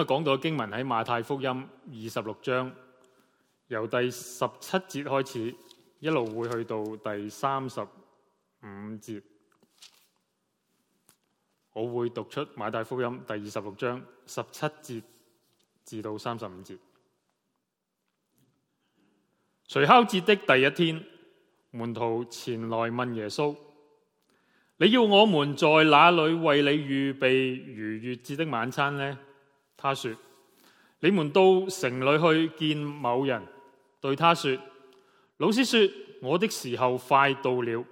我講到經文喺馬太福音二十六章，由第十七節開始，一路會去到第三十五節。我會讀出馬太福音第二十六章十七節至到三十五節。除酵節的第一天，門徒前來問耶穌：你要我們在哪裡為你預備逾越節的晚餐呢？」他說：你們到城裏去見某人，對他說：老師說我的時候快到了，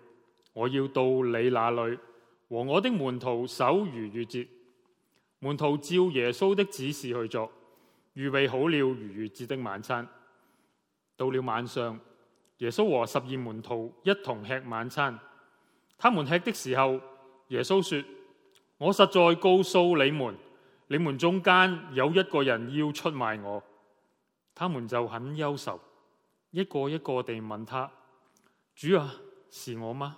我要到你那裏和我的門徒守逾越節。門徒照耶穌的指示去做，預備好了逾越節的晚餐。到了晚上，耶穌和十二門徒一同吃晚餐。他們吃的時候，耶穌說：我實在告訴你們。你們中間有一個人要出賣我，他們就很憂愁，一個一個地問他：主啊，是我嗎？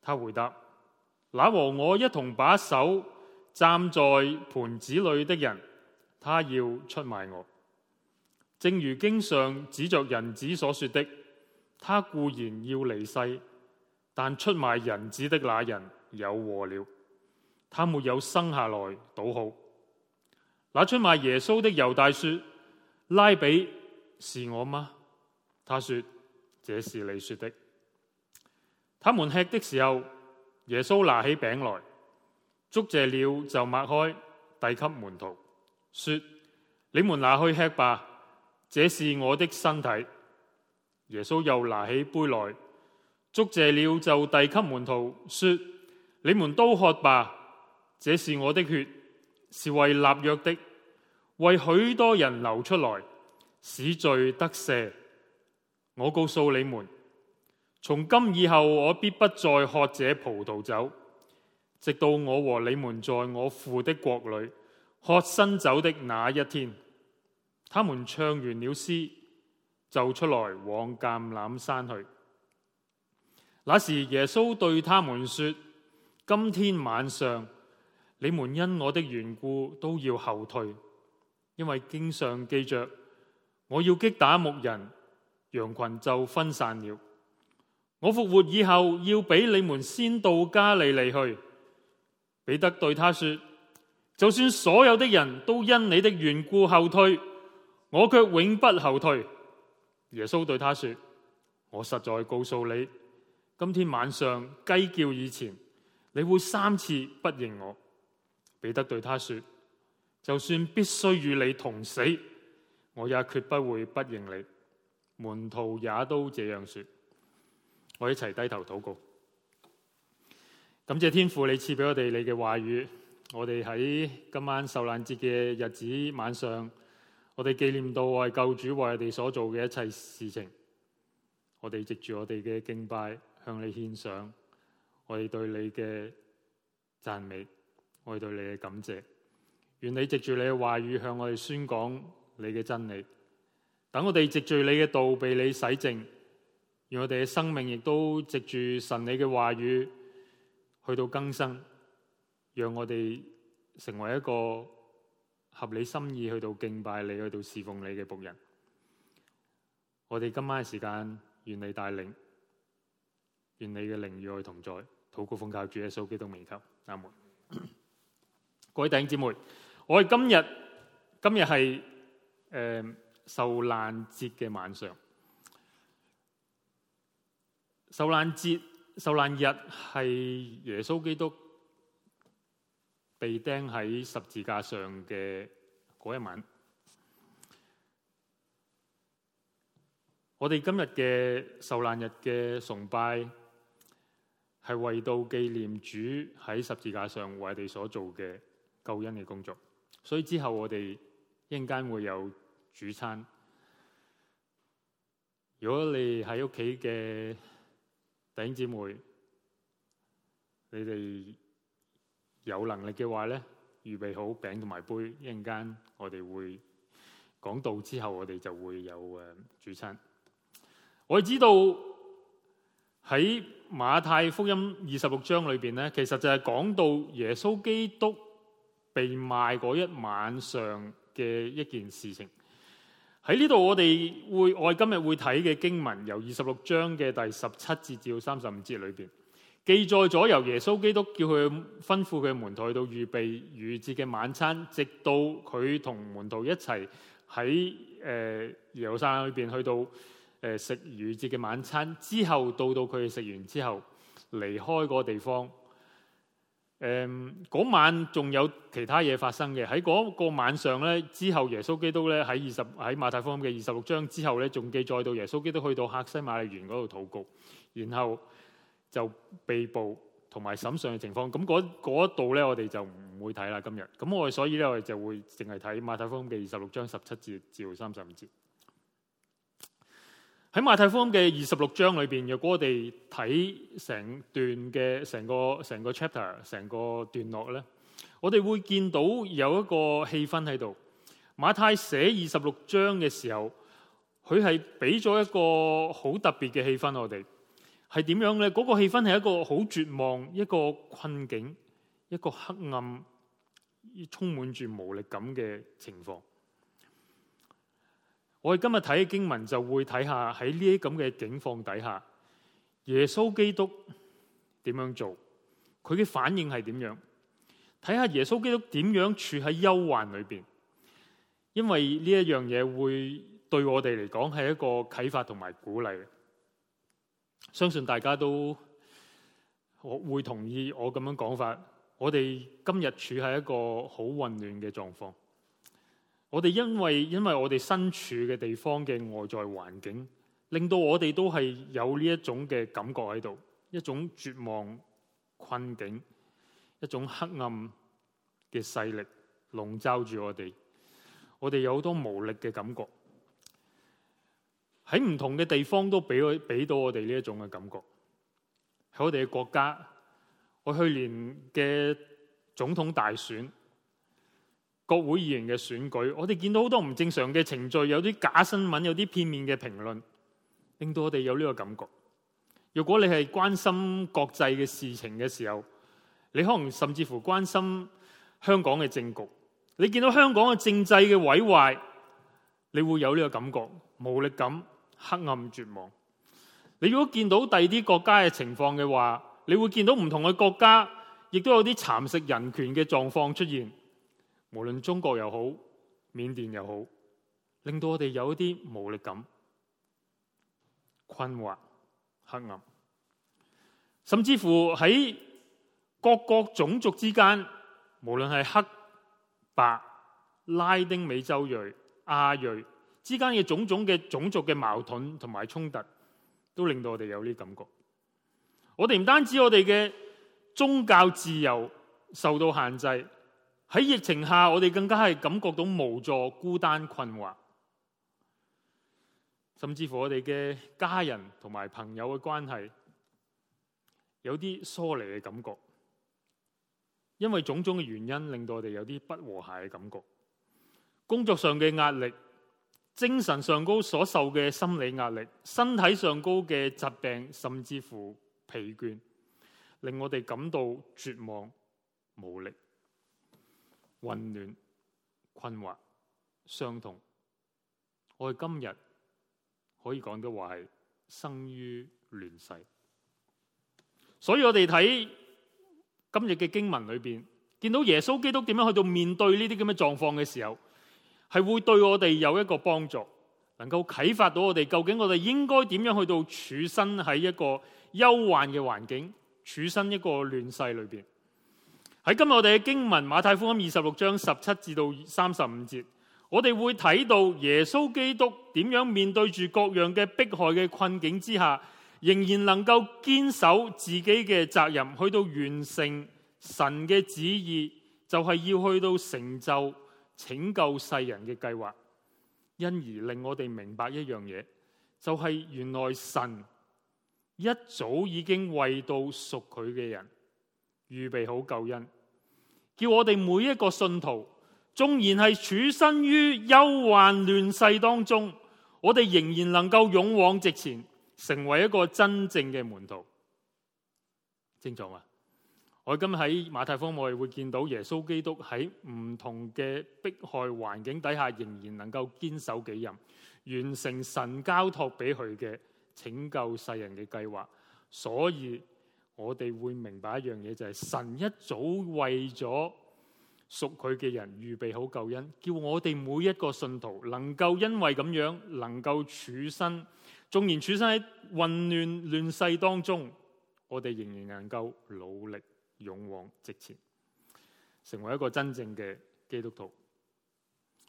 他回答：那和我一同把手蘸在盤子裏的人，他要出賣我。正如經上指着人子所說的，他固然要離世，但出賣人子的那人有禍了。他沒有生下來倒好。那出賣耶穌的猶大説：拉比是我嗎？他說這是你說的。他們吃的時候，耶穌拿起餅來，祝謝了就擘開，遞給門徒，説：你們拿去吃吧，這是我的身體。耶穌又拿起杯來，祝謝了就遞給門徒，説：你們都喝吧。這是我的血，是為立約的，為許多人流出來，使罪得赦。我告訴你們，從今以後，我必不再喝這葡萄酒，直到我和你們在我父的國裏喝新酒的那一天。他們唱完了詩，就出來往橄欖山去。那時耶穌對他們説：今天晚上。你們因我的緣故都要後退，因為經上記着我要擊打牧人，羊群就分散了。我復活以後要俾你們先到加利利去。彼得對他說：就算所有的人都因你的緣故後退，我卻永不後退。耶穌對他說：我實在告訴你，今天晚上雞叫以前，你會三次不認我。彼得對他說：就算必須與你同死，我也絕不會不認你。門徒也都這樣說。我一齊低頭禱告。感謝天父，你賜俾我哋你嘅話語，我哋喺今晚受難節嘅日子晚上，我哋紀念到我係救主為我哋所做嘅一切事情，我哋藉住我哋嘅敬拜向你獻上我哋對你嘅讚美。我對你嘅感謝，願你藉住你嘅話語向我哋宣講你嘅真理，等我哋藉住你嘅道被你洗淨，願我哋嘅生命亦都藉住神你嘅話語去到更生，讓我哋成為一個合理心意去到敬拜你、去到侍奉你嘅僕人。我哋今晚嘅時間，願你帶領，願你嘅靈與我同在，禱告奉靠主耶穌基督名求，阿門。各位弟兄姊妹，我哋今日今日係誒受難節嘅晚上，受難節受難日係耶穌基督被釘喺十字架上嘅嗰一晚。我哋今日嘅受難日嘅崇拜，係為到紀念主喺十字架上為我哋所做嘅。救恩嘅工作，所以之後我哋一陣間會有主餐。如果你喺屋企嘅弟兄姊妹，你哋有能力嘅話咧，預備好餅同埋杯。一陣間我哋會講到之後，我哋就會有誒主餐。我哋知道喺馬太福音二十六章裏邊咧，其實就係講到耶穌基督。被賣嗰一晚上嘅一件事情在這裏，喺呢度我哋會我今日會睇嘅經文，由二十六章嘅第十七節至到三十五節裏邊記載咗，由耶穌基督叫佢吩咐佢門徒去到預備逾節嘅晚餐，直到佢同門徒一齊喺誒耶路撒冷裏邊去到誒、呃、食逾節嘅晚餐，之後到到佢食完之後離開嗰個地方。誒，嗰、嗯、晚仲有其他嘢發生嘅。喺嗰個晚上呢，之後，耶穌基督呢，喺二十喺馬太福音嘅二十六章之後呢，仲記載到耶穌基督去到客西馬利亞園嗰度禱告，然後就被捕同埋審訊嘅情況，咁嗰一度呢，我哋就唔會睇啦今日。咁我哋所以呢，我哋就會淨係睇馬太福音嘅二十六章十七節至到三十五節。喺馬太福音嘅二十六章裏邊，若果我哋睇成段嘅成個成個 chapter、成個段落咧，我哋會見到有一個氣氛喺度。馬太寫二十六章嘅時候，佢係俾咗一個好特別嘅氣氛我。我哋係點樣咧？嗰、嗰個氣氛係一個好絕望、一個困境、一個黑暗、充滿住無力感嘅情況。我哋今日睇嘅經文，就會睇下喺呢啲咁嘅境況底下，耶穌基督點樣做？佢嘅反應係點樣？睇下耶穌基督點樣，樣，樣處喺憂患裏邊？因為呢一樣嘢會對我哋嚟講係一個啟發同埋鼓勵。相信大家都我會同意我咁樣講法。我哋今日處喺一個好混亂嘅狀況。我哋因為因為我哋身處嘅地方嘅外在環境，令到我哋都係有呢一種嘅感覺喺度，一種絕望困境，一種黑暗嘅勢力籠罩住我哋。我哋有好多無力嘅感覺，喺唔同嘅地方都俾佢俾到我哋呢一種嘅感覺。喺我哋嘅國家，我去年嘅總統大選，國會議員嘅選舉，我哋見到好多唔正常嘅程序，有啲假新聞，有啲片面嘅評論，令到我哋有呢個感覺。如果你係關心國際嘅事情嘅時候，你可能甚至乎關心香港嘅政局。你見到香港嘅政制嘅毀壞，你會有呢個感覺，無力感、黑暗、絕望。你如果見到第二啲國家嘅情況嘅話，你會見到唔同嘅國家亦都有啲蠶食人權嘅狀況出現。無論中國又好，緬甸又好，令到我哋有一啲無力感、困惑、黑暗，甚至乎喺各國種族之間，無論係黑白、拉丁美洲裔、亞裔之間嘅種種嘅種族嘅矛盾同埋衝突，都令到我哋有呢感覺。我哋唔單止我哋嘅宗教自由受到限制。喺疫情下，我哋更加係感覺到無助、孤單、困惑，甚至乎我哋嘅家人同埋朋友嘅關係有啲疏離嘅感覺。因為種種嘅原因，令到我哋有啲不和諧嘅感覺。工作上嘅壓力、精神上高所受嘅心理壓力、身體上高嘅疾病，甚至乎疲倦，令我哋感到絕望無力。混亂、困惑、傷痛，我哋今日可以講嘅話係生於亂世，所以我哋睇今日嘅經文裏邊，見到耶穌基督點樣去到面對呢啲咁嘅狀況嘅時候，係會對我哋有一個幫助，能夠啟發到我哋究竟我哋應該點樣去到處身喺一個憂患嘅環境，處身一個亂世裏邊。喺今日我哋嘅經文《馬太福音》二十六章十七至到三十五節，我哋會睇到耶穌基督點樣面對住各樣嘅迫害嘅困境之下，仍然能夠堅守自己嘅責任，去到完成神嘅旨意，就係要去到成就拯救世人嘅計劃。因而令我哋明白一樣嘢，就係原來神一早已經為到屬佢嘅人預備好救恩。叫我哋每一個信徒，縱然係處身於憂患亂世當中，我哋仍然能夠勇往直前，成為一個真正嘅門徒，正確嘛、啊？我今日喺馬太福音，我哋會見到耶穌基督喺唔同嘅迫害環境底下，仍然能夠堅守己任，完成神交託俾佢嘅拯救世人嘅計劃，所以。我哋會明白一樣嘢，就係、是、神一早為咗屬佢嘅人預備好救恩，叫我哋每一個信徒能夠因為咁樣，能夠處身，縱然處身喺混亂亂世當中，我哋仍然能夠努力勇往直前，成為一個真正嘅基督徒。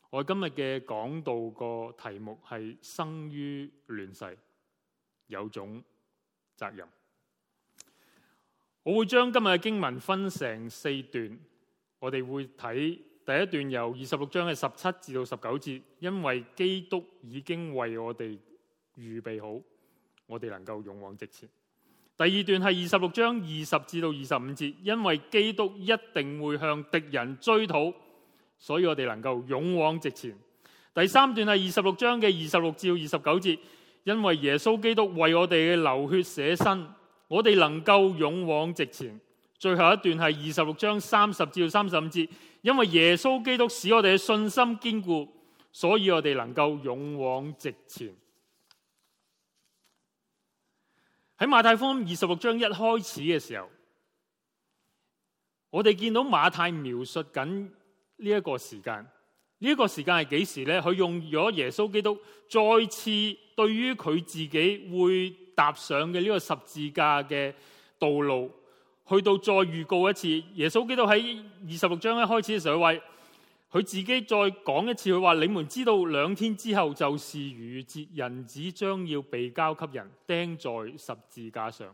我今日嘅講道個題目係生於亂世，有種責任。我會將今日嘅經文分成四段，我哋會睇第一段由二十六章嘅十七至到十九節，因為基督已經為我哋預備好，我哋能夠勇往直前。第二段係二十六章二十至到二十五節，因為基督一定會向敵人追討，所以我哋能夠勇往直前。第三段係二十六章嘅二十六至到二十九節，因為耶穌基督為我哋嘅流血捨身。我哋能夠勇往直前。最後一段係二十六章三十至到三十五節，因為耶穌基督使我哋嘅信心堅固，所以我哋能夠勇往直前。喺馬太福音二十六章一開始嘅時候，我哋見到馬太描述緊呢一個時間，呢一個時間係幾時呢？佢用咗耶穌基督再次對於佢自己會。踏上嘅呢個十字架嘅道路，去到再預告一次，耶穌基督喺二十六章一開始嘅時候，佢話佢自己再講一次，佢話，你們知道兩天之後，就是逾節，人子將要被交給人釘在十字架上。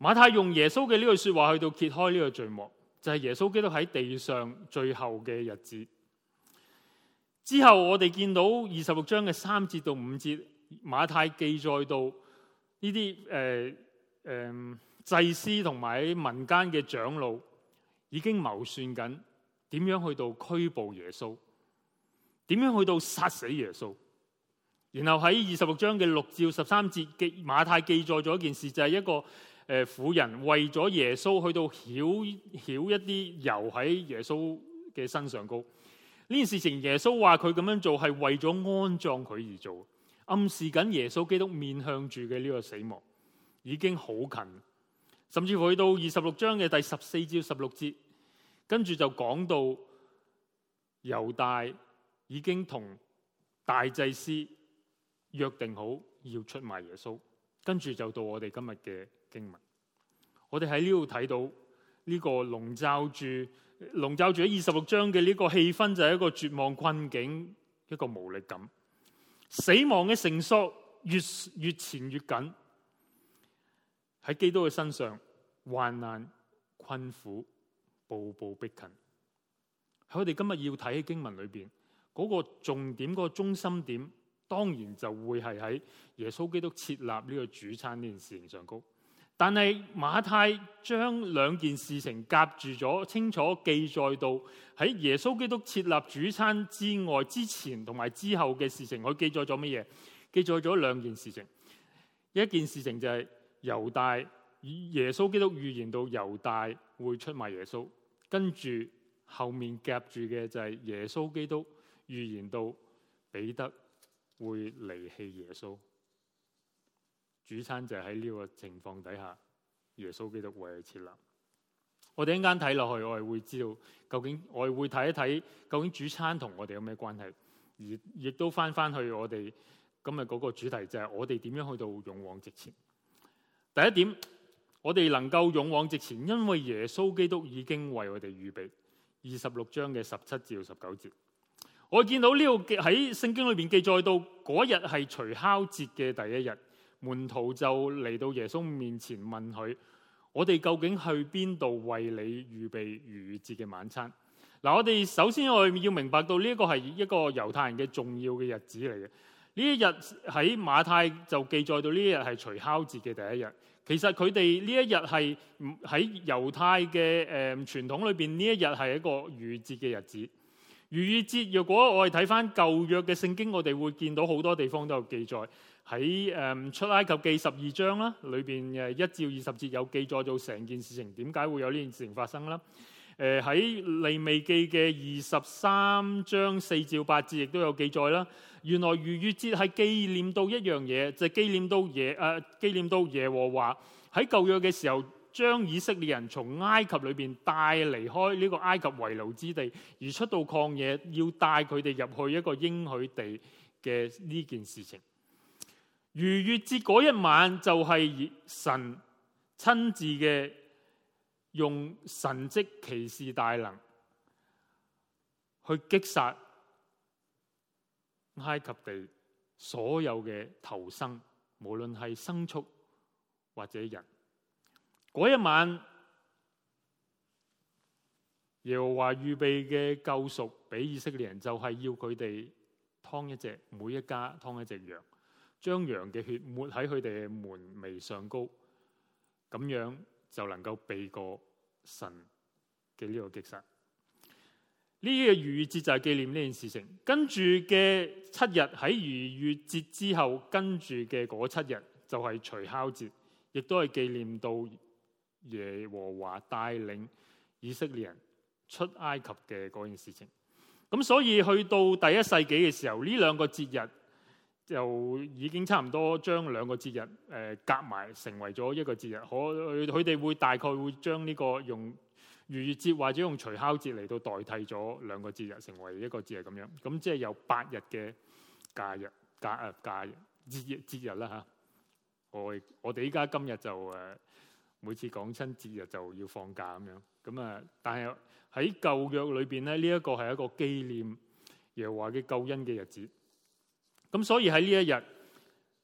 馬太用耶穌嘅呢句說話，去到揭開呢個序幕，就係、是、耶穌基督喺地上最後嘅日子。之後我哋見到二十六章嘅三節到五節。馬太記載到呢啲誒誒祭司同埋民間嘅長老已經謀算緊點樣去到拘捕耶穌，點樣去到殺死耶穌。然後喺二十六章嘅六至十三節嘅馬太記載咗一件事，就係、是、一個誒、呃、婦人為咗耶穌去到曉曉一啲油喺耶穌嘅身上膏。呢件事情耶穌話佢咁樣做係為咗安葬佢而做。暗示緊耶穌基督面向住嘅呢個死亡已經好近，甚至去到二十六章嘅第十四至十六節，跟住就講到猶大已經同大祭司約定好要出賣耶穌，跟住就到我哋今日嘅經文。我哋喺呢度睇到呢個籠罩住籠罩住喺二十六章嘅呢個氣氛，就係一個絕望困境，一個無力感。死亡嘅繩索越越纏越緊，喺基督嘅身上，患難困苦步步逼近。喺我哋今日要睇嘅經文裏邊，嗰個重點、嗰個中心點，當然就會係喺耶穌基督設立呢個主餐呢件事情上高。但係馬太將兩件事情夾住咗，清楚記載到喺耶穌基督設立主餐之外、之前同埋之後嘅事情，我記載咗乜嘢？記載咗兩件事情。一件事情就係猶大，耶穌基督預言到猶大會出賣耶穌。跟住後面夾住嘅就係耶穌基督預言到彼得會離棄耶穌。主餐就喺呢個情況底下，耶穌基督會去設立。我哋一陣間睇落去，我哋會知道究竟我哋會睇一睇究竟主餐同我哋有咩關係，而亦都翻翻去我哋今日嗰個主題就係我哋點樣去到勇往直前。第一點，我哋能夠勇往直前，因為耶穌基督已經為我哋預備。二十六章嘅十七至到十九節，我見到呢個喺聖經裏面記載到嗰日係除酵節嘅第一日。門徒就嚟到耶穌面前問佢：我哋究竟去邊度為你預備逾越節嘅晚餐？嗱，我哋首先我要明白到呢個係一個猶太人嘅重要嘅日子嚟嘅。呢一日喺馬太就記載到呢一日係除酵節嘅第一日。其實佢哋呢一日係喺猶太嘅誒傳統裏邊，呢一日係一個逾越節嘅日子。逾越節若果我哋睇翻舊約嘅聖經，我哋會見到好多地方都有記載。喺誒、嗯、出埃及記十二章啦，裏邊誒一至二十節有記載到成件事情，點解會有呢件事情發生啦？誒喺利未記嘅二十三章四至八節亦都有記載啦。原來逾越節係紀念到一樣嘢，就係、是、紀念到耶誒紀、呃、念到耶和華喺舊約嘅時候，將以色列人從埃及裏邊帶離開呢個埃及為奴之地，而出到曠野，要帶佢哋入去一個應許地嘅呢件事情。如月節嗰一晚就係神親自嘅用神蹟奇事大能去擊殺埃及地所有嘅頭生，無論係牲畜或者人。嗰一晚，耶和華預備嘅救贖俾以色列人，就係要佢哋劏一隻，每一家劏一隻羊。將羊嘅血抹喺佢哋嘅門楣上高，咁樣就能夠避過神嘅呢個擊殺。呢、這個逾越節就係紀念呢件事情。跟住嘅七日喺逾越節之後，跟住嘅嗰七日就係除酵節，亦都係紀念到耶和華帶領以色列人出埃及嘅嗰件事情。咁所以去到第一世紀嘅時候，呢兩個節日，就已經差唔多將兩個節日誒夾埋成為咗一個節日，可佢哋會大概會將呢個用逾越節或者用除酵節嚟到代替咗兩個節日，成為一個節日咁樣。咁即係有八日嘅假日假日、假，假日節節日啦嚇、啊。我我哋依家今日就誒、啊、每次講親節日就要放假咁樣。咁啊，但係喺舊約裏邊咧，呢、這個、一個係一個紀念耶和華嘅救恩嘅日子。咁所以喺呢一日，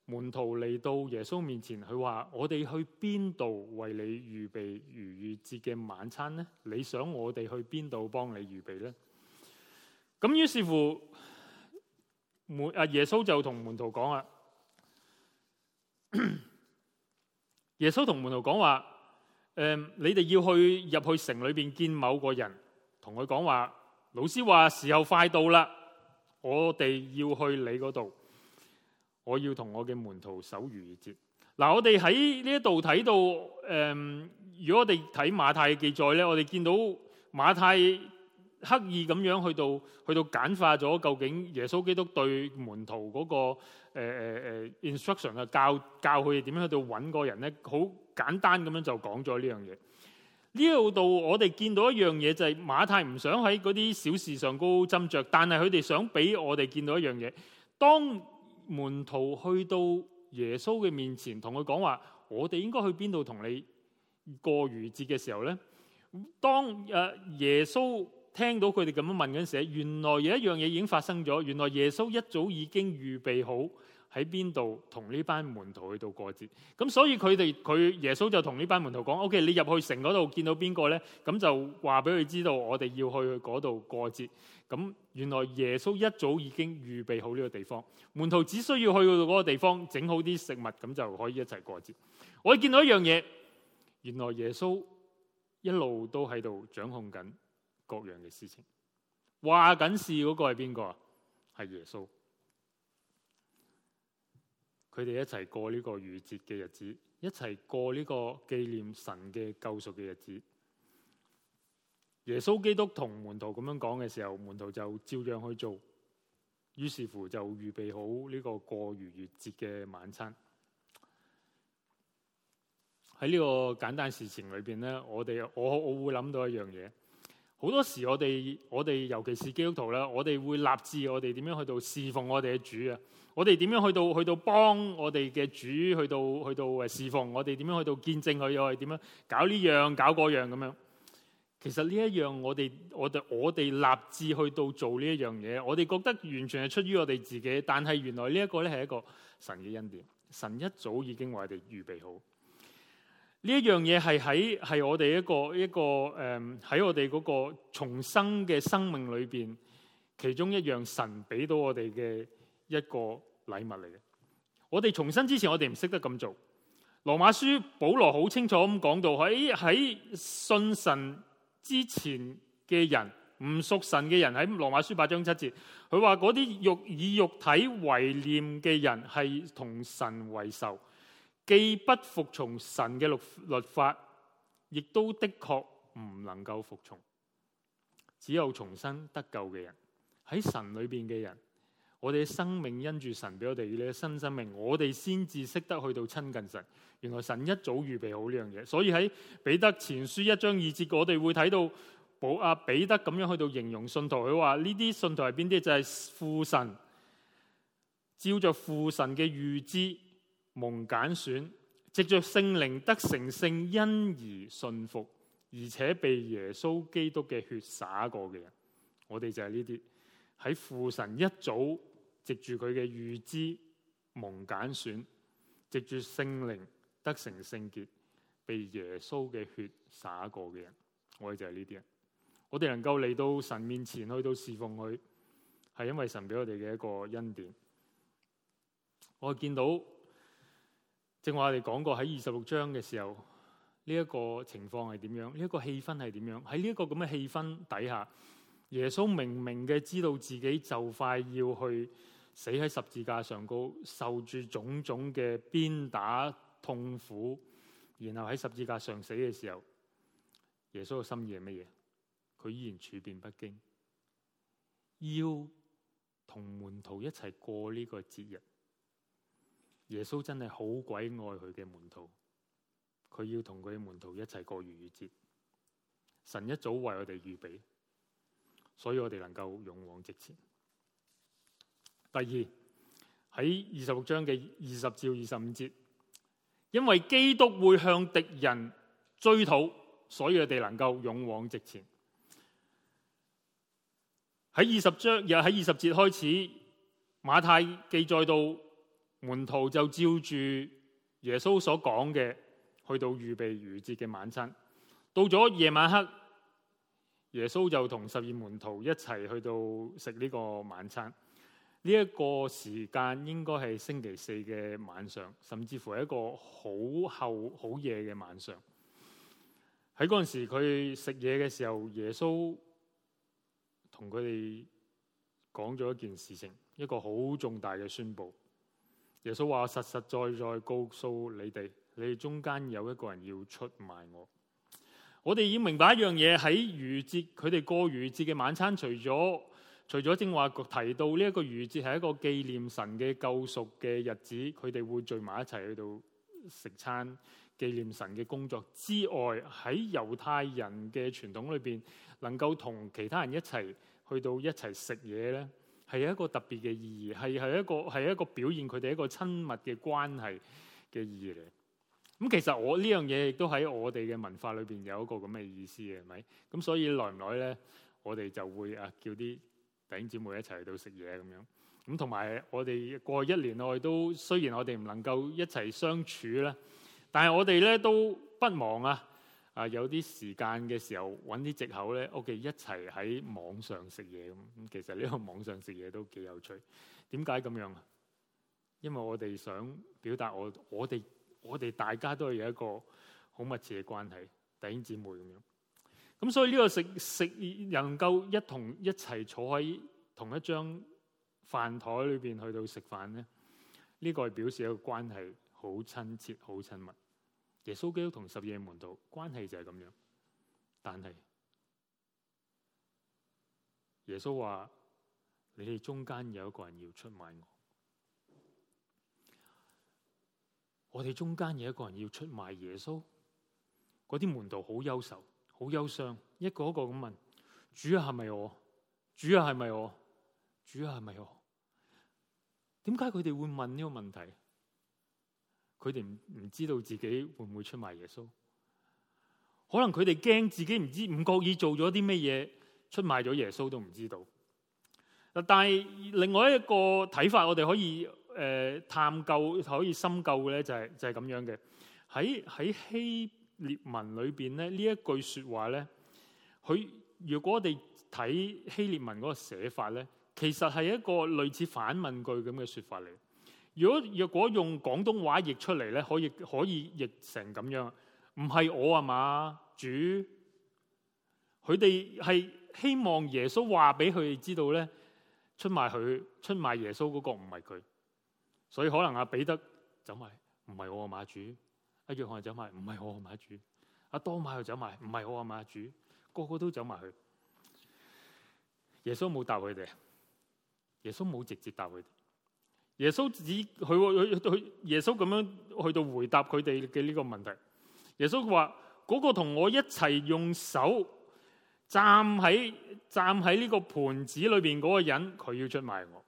門徒嚟到耶穌面前，佢話，我哋去邊度為你預備逾越節嘅晚餐呢？你想我哋去邊度幫你預備呢？咁於是乎，門啊耶穌就同門徒講啊，耶穌同門徒講話：誒、嗯，你哋要去入去城裏邊見某個人，同佢講話，老師話時候快到啦，我哋要去你嗰度，我要同我嘅門徒守逾越節。嗱，我哋喺呢一度睇到，誒、呃，如果我哋睇馬太嘅記載咧，我哋見到馬太刻意咁樣去到去到簡化咗究竟耶穌基督對門徒嗰、那個誒誒 instruction 啊，教教佢哋點樣去到揾個人咧，好簡單咁樣就講咗呢樣嘢。呢一度我哋見到一樣嘢就係馬太唔想喺嗰啲小事上高斟酌，但係佢哋想俾我哋見到一樣嘢，當。門徒去到耶穌嘅面前，同佢講話：我哋應該去邊度同你過逾節嘅時候呢？當耶穌聽到佢哋咁樣問嗰陣時候，原來有一樣嘢已經發生咗。原來耶穌一早已經預備好。喺邊度同呢班門徒去度過節？咁所以佢哋佢耶穌就同呢班門徒講：OK，你入去城嗰度見到邊個呢？咁就話俾佢知道，我哋要去嗰度過節。咁原來耶穌一早已經預備好呢個地方，門徒只需要去到嗰個地方整好啲食物，咁就可以一齊過節。我見到一樣嘢，原來耶穌一路都喺度掌控緊各樣嘅事情。話緊事嗰個係邊個啊？係耶穌。佢哋一齊過呢個逾節嘅日子，一齊過呢個紀念神嘅救贖嘅日子。耶穌基督同門徒咁樣講嘅時候，門徒就照樣去做。於是乎就預備好呢個過逾越節嘅晚餐。喺呢個簡單事情裏邊咧，我哋我我會諗到一樣嘢。好多時我哋我哋尤其是基督徒咧，我哋會立志我哋點樣去到侍奉我哋嘅主啊！我哋點樣去到去到幫我哋嘅主去到去到誒侍奉我哋點樣去到見證佢又係點樣搞呢樣搞嗰樣咁樣？其實呢一樣我哋我哋我哋立志去到做呢一樣嘢，我哋覺得完全係出於我哋自己，但係原來呢一個呢，係一個神嘅恩典，神一早已經為我哋預備好。呢一樣嘢係喺係我哋一個一個誒，喺、嗯、我哋嗰個重生嘅生命裏邊，其中一樣神俾到我哋嘅一個禮物嚟嘅。我哋重生之前，我哋唔識得咁做。羅馬書保羅好清楚咁講到喺喺信神之前嘅人，唔屬神嘅人，喺羅馬書八章七節，佢話，嗰啲欲以肉體為念嘅人係同神為仇。既不服從神嘅律律法，亦都的確唔能夠服從。只有重生得救嘅人，喺神裏邊嘅人，我哋嘅生命因住神俾我哋呢新生命，我哋先至識得去到親近神。原來神一早預備好呢樣嘢，所以喺彼得前書一章二節，我哋會睇到保阿彼得咁樣去到形容信徒，佢話呢啲信徒係邊啲？就係、是、父神照着父神嘅預知。.蒙揀選，藉着聖靈得成聖，因而信服，而且被耶穌基督嘅血灑過嘅人，我哋就係呢啲。喺父神一早藉住佢嘅預知，蒙揀選，藉住聖靈得成聖潔，被耶穌嘅血灑過嘅人，我哋就係呢啲人。我哋能夠嚟到神面前，去到侍奉佢，係因為神俾我哋嘅一個恩典。我見到。正話我哋講過喺二十六章嘅時候，呢一個情況係點樣？呢一個氣氛係點樣？喺呢一個咁嘅氣氛底下，耶穌明明嘅知道自己就快要去死喺十字架上高，受住種種嘅鞭打痛苦，然後喺十字架上死嘅時候，耶穌嘅心意係乜嘢？佢依然處變不驚，要同門徒一齊過呢個節日。耶穌真係好鬼愛佢嘅門徒，佢要同佢嘅門徒一齊過逾越節。神一早為我哋預備，所以我哋能夠勇往直前。第二喺二十六章嘅二十至二十五節，因為基督會向敵人追討，所以我哋能夠勇往直前。喺二十章又喺二十節開始，馬太記載到。門徒就照住耶穌所講嘅，去到預備逾節嘅晚餐。到咗夜晚黑，耶穌就同十二門徒一齊去到食呢個晚餐。呢一個時間應該係星期四嘅晚上，甚至乎係一個好後好夜嘅晚上。喺嗰陣時佢食嘢嘅時候，耶穌同佢哋講咗一件事情，一個好重大嘅宣布。耶穌話，實實在在告訴你哋，你哋中間有一個人要出賣我。我哋已明白一樣嘢喺，逾節，佢哋過逾節嘅晚餐，除咗除咗正話提到呢一個逾節係一個紀念神嘅救贖嘅日子，佢哋會聚埋一齊去到食餐紀念神嘅工作之外，喺猶太人嘅傳統裏邊，能夠同其他人一齊去到一齊食嘢呢，係一個特別嘅意義，係係一個係一個表現佢哋一個親密嘅關係嘅意義嚟。咁其實我呢樣嘢亦都喺我哋嘅文化裏邊有一個咁嘅意思嘅，係咪？咁所以來唔來呢，我哋就會啊叫啲弟兄姊妹一齊去到食嘢咁樣。咁同埋我哋過去一年內都雖然我哋唔能夠一齊相處啦，但係我哋咧都不忘啊。啊，有啲時間嘅時候揾啲藉口咧，屋企一齊喺網上食嘢咁。其實呢個網上食嘢都幾有趣。點解咁樣啊？因為我哋想表達我，我哋我哋大家都係一個好密切嘅關係，弟兄姊妹咁樣。咁所以呢個食食能夠一同一齊坐喺同一張飯台裏邊去到食飯咧，呢個係表示一個關係好親切、好親密。耶穌基督同十二門徒關係就係咁樣，但係耶穌話：你哋中間有一個人要出賣我，我哋中間有一個人要出賣耶穌。嗰啲門徒好憂愁、好憂傷，一個一個咁問：主啊，係咪我？主啊，係咪我？主啊，係咪我？點解佢哋會問呢個問題？佢哋唔知道自己會唔會出賣耶穌？可能佢哋驚自己唔知唔覺意做咗啲咩嘢，出賣咗耶穌都唔知道。嗱，但係另外一個睇法，我哋可以誒、呃、探究，可以深究嘅咧、就係，就係就係咁樣嘅。喺喺希列文裏邊咧，呢一句說話咧，佢如果我哋睇希列文嗰個寫法咧，其實係一個類似反問句咁嘅說法嚟。如果若果用廣東話譯出嚟咧，可以可以譯成咁樣，唔係我啊嘛主，佢哋係希望耶穌話俾佢哋知道咧，出賣佢出賣耶穌嗰個唔係佢，所以可能阿彼得走埋，唔係我啊嘛主；阿約翰走埋，唔係我啊嘛主；阿多馬又走埋，唔係我啊嘛主，個個都走埋去。耶穌冇答佢哋，耶穌冇直接答佢哋。耶穌只佢佢佢耶穌咁樣去到回答佢哋嘅呢個問題，耶穌佢話：嗰個同我一齊用手站喺站喺呢個盤子裏邊個人，佢要出賣我。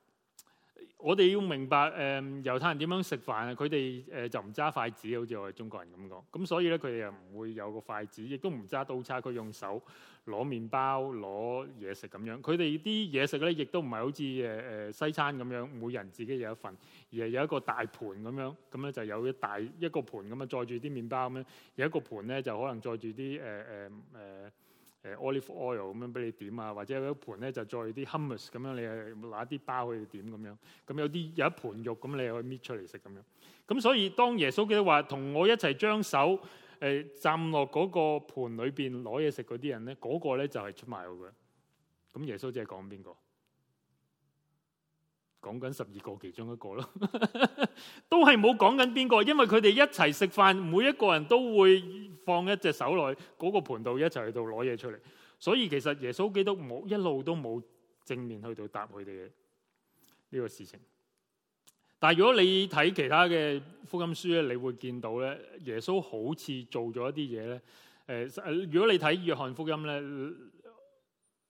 我哋要明白誒猶太人點樣食飯啊！佢哋誒就唔揸筷子，好似我哋中國人咁講。咁所以咧，佢哋又唔會有個筷子，亦都唔揸刀叉，佢用手攞麵包攞嘢食咁樣。佢哋啲嘢食咧，亦都唔係好似誒誒西餐咁樣，每人自己有一份，而係有一個大盤咁樣。咁咧就有一大一個盤咁啊載住啲麵包咁樣，有一、一個盤咧就可能載住啲誒誒誒。呃呃 Olive oil，咁樣俾你點啊，或者有一盤咧就再啲 humus 咁樣，你係拿啲包去點咁樣。咁有啲有一盤肉咁，你又可以搣出嚟食咁樣。咁所以當耶穌記得話，同我一齊將手誒浸落嗰個盤裏邊攞嘢食嗰啲人咧，嗰、那個咧就係、是、出賣我嘅。咁耶穌即係講邊個？講緊十二個其中一個咯， 都係冇講緊邊個，因為佢哋一齊食飯，每一個人都會。放一隻手落嗰、嗰個盤度，一齊去到攞嘢出嚟，所以其實耶穌基督冇一路都冇正面去到答佢哋嘅呢個事情。但係如果你睇其他嘅福音書咧，你會見到咧，耶穌好似做咗一啲嘢咧。誒、呃、如果你睇約翰福音咧，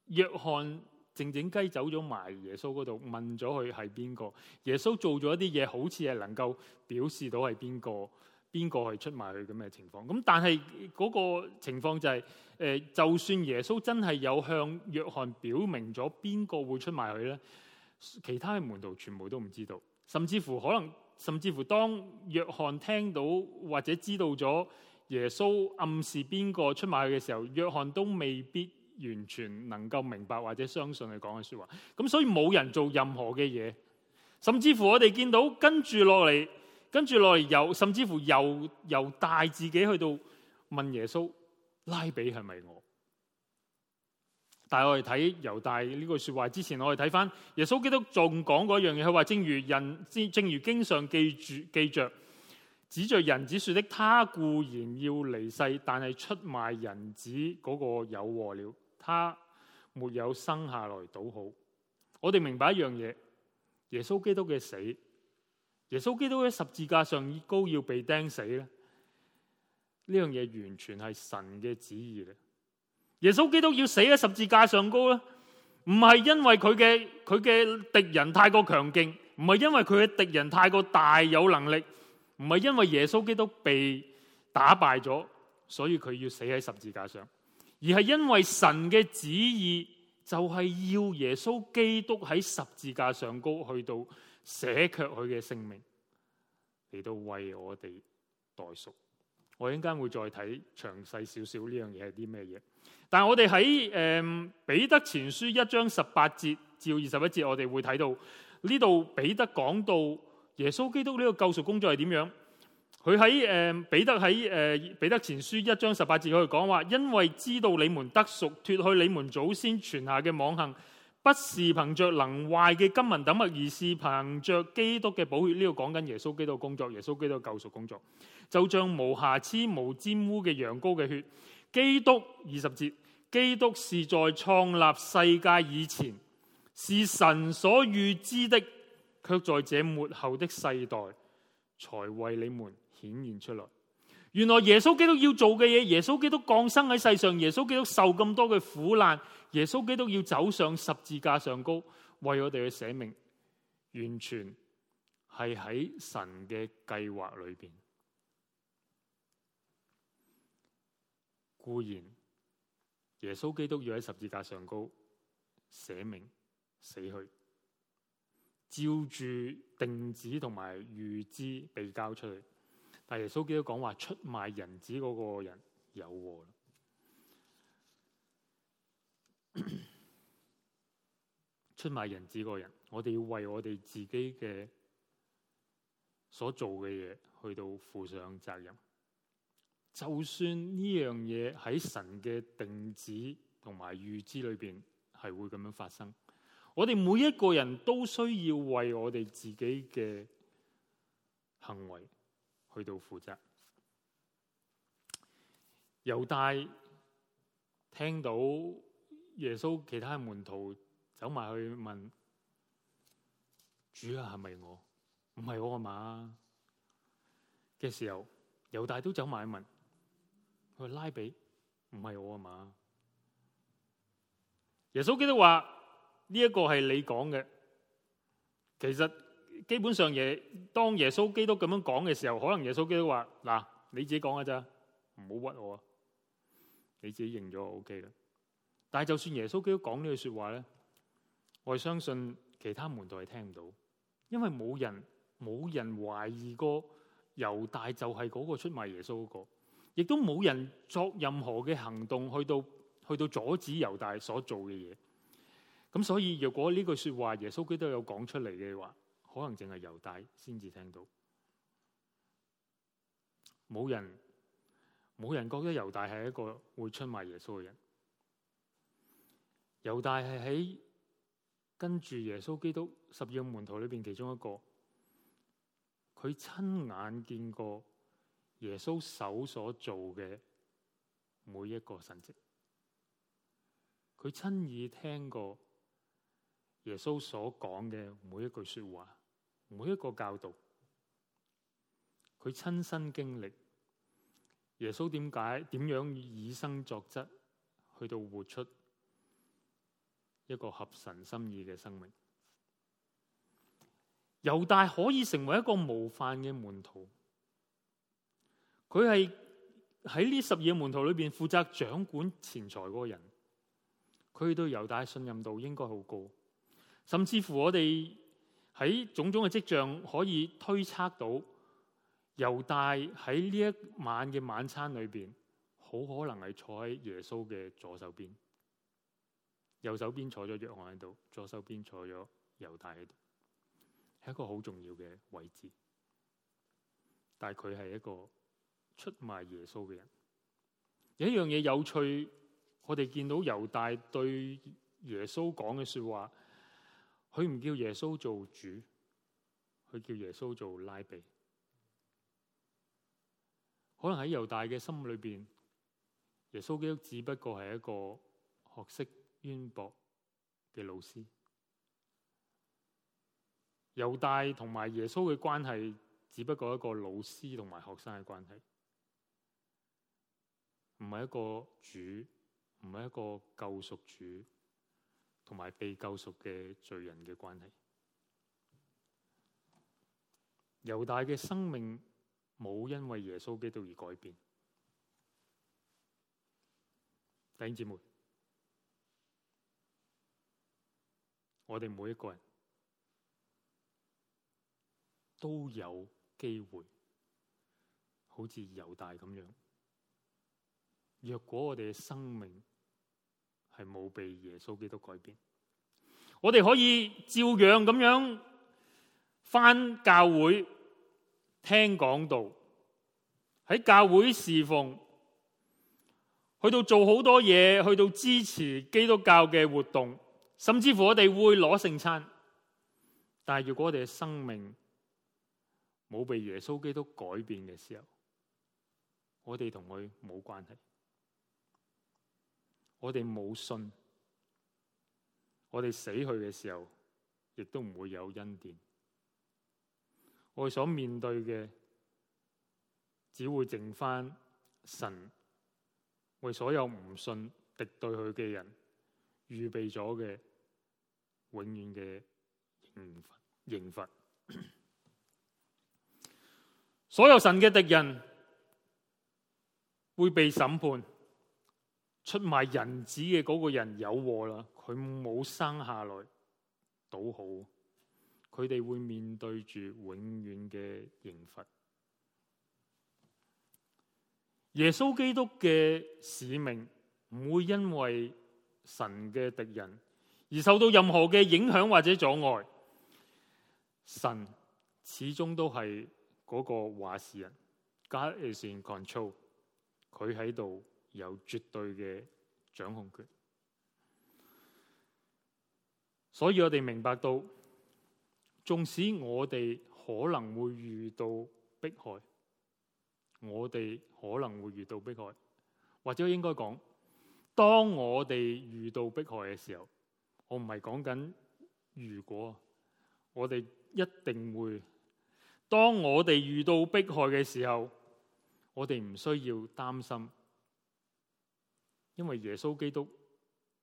約翰靜靜雞走咗埋耶穌嗰度，問咗佢係邊個，耶穌做咗一啲嘢，好似係能夠表示到係邊個。邊個係出賣佢咁嘅情況？咁但係嗰個情況就係，誒，就算耶穌真係有向約翰表明咗邊個會出賣佢呢，其他嘅門徒全部都唔知道。甚至乎可能，甚至乎當約翰聽到或者知道咗耶穌暗示邊個出賣佢嘅時候，約翰都未必完全能夠明白或者相信你講嘅說話。咁所以冇人做任何嘅嘢。甚至乎我哋見到跟住落嚟。跟住落嚟，又甚至乎又又猶大自己去到問耶穌：拉比係咪我？但係我哋睇猶大呢句說話之前，我哋睇翻耶穌基督仲講過一樣嘢，佢話正如人，正如經常記住記着指着人子說的，他固然要離世，但係出賣人子嗰個有禍了。他沒有生下來倒好。我哋明白一樣嘢：耶穌基督嘅死。耶穌基督喺十字架上高要被釘死咧，呢樣嘢完全係神嘅旨意咧。耶穌基督要死喺十字架上高咧，唔係因為佢嘅佢嘅敵人太過強勁，唔係因為佢嘅敵人太過大有能力，唔係因為耶穌基督被打敗咗，所以佢要死喺十字架上，而係因為神嘅旨意，就係、是、要耶穌基督喺十字架上高去到。捨卻佢嘅性命嚟到為我哋代贖，我一陣間會再睇詳細少少呢樣嘢係啲咩嘢。但係我哋喺誒彼得前書一章十八節至二十一節我，我哋會睇到呢度彼得講到耶穌基督呢個救贖工作係點樣。佢喺誒彼得喺誒、呃、彼得前書一章十八節佢講話，因為知道你們得贖，脫去你們祖先傳下嘅妄行。」不是憑着能壞嘅金銀等物，而是憑着基督嘅寶血。呢度講緊耶穌基督工作，耶穌基督救贖工作，就像無瑕疵無沾污嘅羊羔嘅血。基督二十節，基督是在創立世界以前是神所預知的，卻在這末後的世代才為你們顯現出來。原來耶穌基督要做嘅嘢，耶穌基督降生喺世上，耶穌基督受咁多嘅苦難。耶穌基督要走上十字架上高，為我哋去捨命，完全係喺神嘅計劃裏邊。固然，耶穌基督要喺十字架上高捨命死去，照住定旨同埋預知被交出去。但耶穌基督講話，出賣人子嗰個人有禍出賣人子嗰人，我哋要為我哋自己嘅所做嘅嘢，去到負上責任。就算呢樣嘢喺神嘅定旨同埋預知裏邊係會咁樣發生，我哋每一個人都需要為我哋自己嘅行為去到負責。猶大聽到耶穌其他門徒。走埋去問主啊，係咪我？唔係我啊嘛？嘅時候，又大都走埋去問佢拉比，唔係我啊嘛？耶穌基督話呢一個係你講嘅，其實基本上耶當耶穌基督咁樣講嘅時候，可能耶穌基督話嗱，你自己講嘅咋，唔好屈我啊，你自己認咗就 O K 啦。但係就算耶穌基督講呢句說話咧。我相信其他門徒係聽唔到，因為冇人冇人懷疑過猶大就係嗰個出賣耶穌嗰個，亦都冇人作任何嘅行動去到去到阻止猶大所做嘅嘢。咁所以，若果呢句說話耶穌基督有講出嚟嘅話，可能淨係猶大先至聽到。冇人冇人覺得猶大係一個會出賣耶穌嘅人。猶大係喺。跟住耶穌基督十二門徒裏邊其中一個，佢親眼見過耶穌手所做嘅每一個神蹟，佢親耳聽過耶穌所講嘅每一句說話，每一個教導，佢親身經歷耶穌點解點樣以身作則去到活出。一個合神心意嘅生命，猶大可以成為一個模範嘅門徒。佢係喺呢十二門徒裏邊負責掌管錢財嗰個人，佢對猶大信任度應該好高。甚至乎我哋喺種種嘅跡象可以推測到，猶大喺呢一晚嘅晚餐裏邊，好可能係坐喺耶穌嘅左手邊。右手邊坐咗約翰喺度，左手邊坐咗猶大喺度，係一個好重要嘅位置。但係佢係一個出賣耶穌嘅人。有一樣嘢有趣，我哋見到猶大對耶穌講嘅說話，佢唔叫耶穌做主，佢叫耶穌做拉比。可能喺猶大嘅心裏邊，耶穌基督只不過係一個學識淵博嘅老師，猶大同埋耶穌嘅關係，只不過一個老師同埋學生嘅關係，唔係一個主，唔係一個救贖主，同埋被救贖嘅罪人嘅關係。猶大嘅生命冇因為耶穌基督而改變，弟兄姊我哋每一個人都有機會，好似猶大咁樣。若果我哋嘅生命係冇被耶穌基督改變，我哋可以照樣咁樣返教會聽講道，喺教會侍奉，去到做好多嘢，去到支持基督教嘅活動。甚至乎我哋會攞聖餐，但係如果我哋嘅生命冇被耶穌基督改變嘅時候，我哋同佢冇關係，我哋冇信，我哋死去嘅時候亦都唔會有恩典，我哋所面對嘅只會剩翻神為所有唔信敵對佢嘅人預備咗嘅。永遠嘅刑罰，刑罰，所有神嘅敵人會被審判。出賣人子嘅嗰個人有禍啦！佢冇生下來倒好，佢哋會面對住永遠嘅刑罰。耶穌基督嘅使命唔會因為神嘅敵人。而受到任何嘅影響或者阻礙，神始終都係嗰個話事人，God is in control，佢喺度有絕對嘅掌控權。所以，我哋明白到，縱使我哋可能會遇到迫害，我哋可能會遇到迫害，或者應該講，當我哋遇到迫害嘅時候。我唔係講緊如果，我哋一定會。當我哋遇到迫害嘅時候，我哋唔需要擔心，因為耶穌基督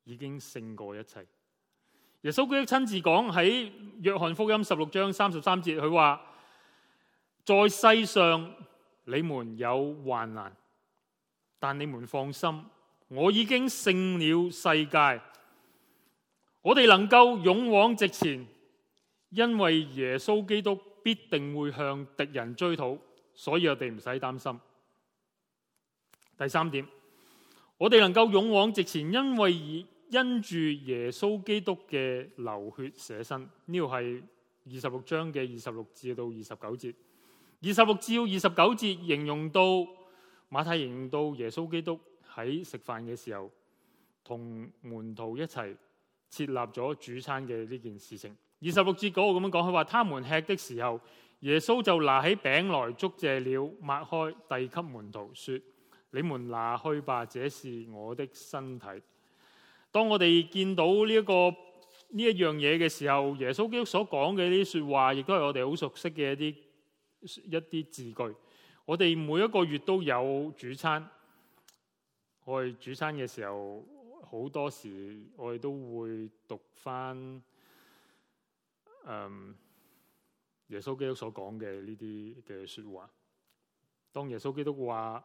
已經勝過一切。耶穌基督親自講喺約翰福音十六章三十三節，佢話：在世上你們有患難，但你們放心，我已經勝了世界。我哋能夠勇往直前，因為耶穌基督必定會向敵人追討，所以我哋唔使擔心。第三點，我哋能夠勇往直前因，因為而因住耶穌基督嘅流血捨身，呢度係二十六章嘅二十六至到二十九節，二十六至二十九節形容到馬太形容到耶穌基督喺食飯嘅時候同門徒一齊。設立咗主餐嘅呢件事情。二十六節嗰個咁樣講，佢話：他們吃的時候，耶穌就拿起餅來，祝謝了，擘開，遞給門徒，說：你們拿去吧，這是我的身體。當我哋見到呢一個呢一樣嘢嘅時候，耶穌基督所講嘅呢啲說話，亦都係我哋好熟悉嘅一啲一啲字句。我哋每一個月都有主餐，我哋主餐嘅時候。好多時我哋都會讀翻，嗯，耶穌基督所講嘅呢啲嘅說話。當耶穌基督話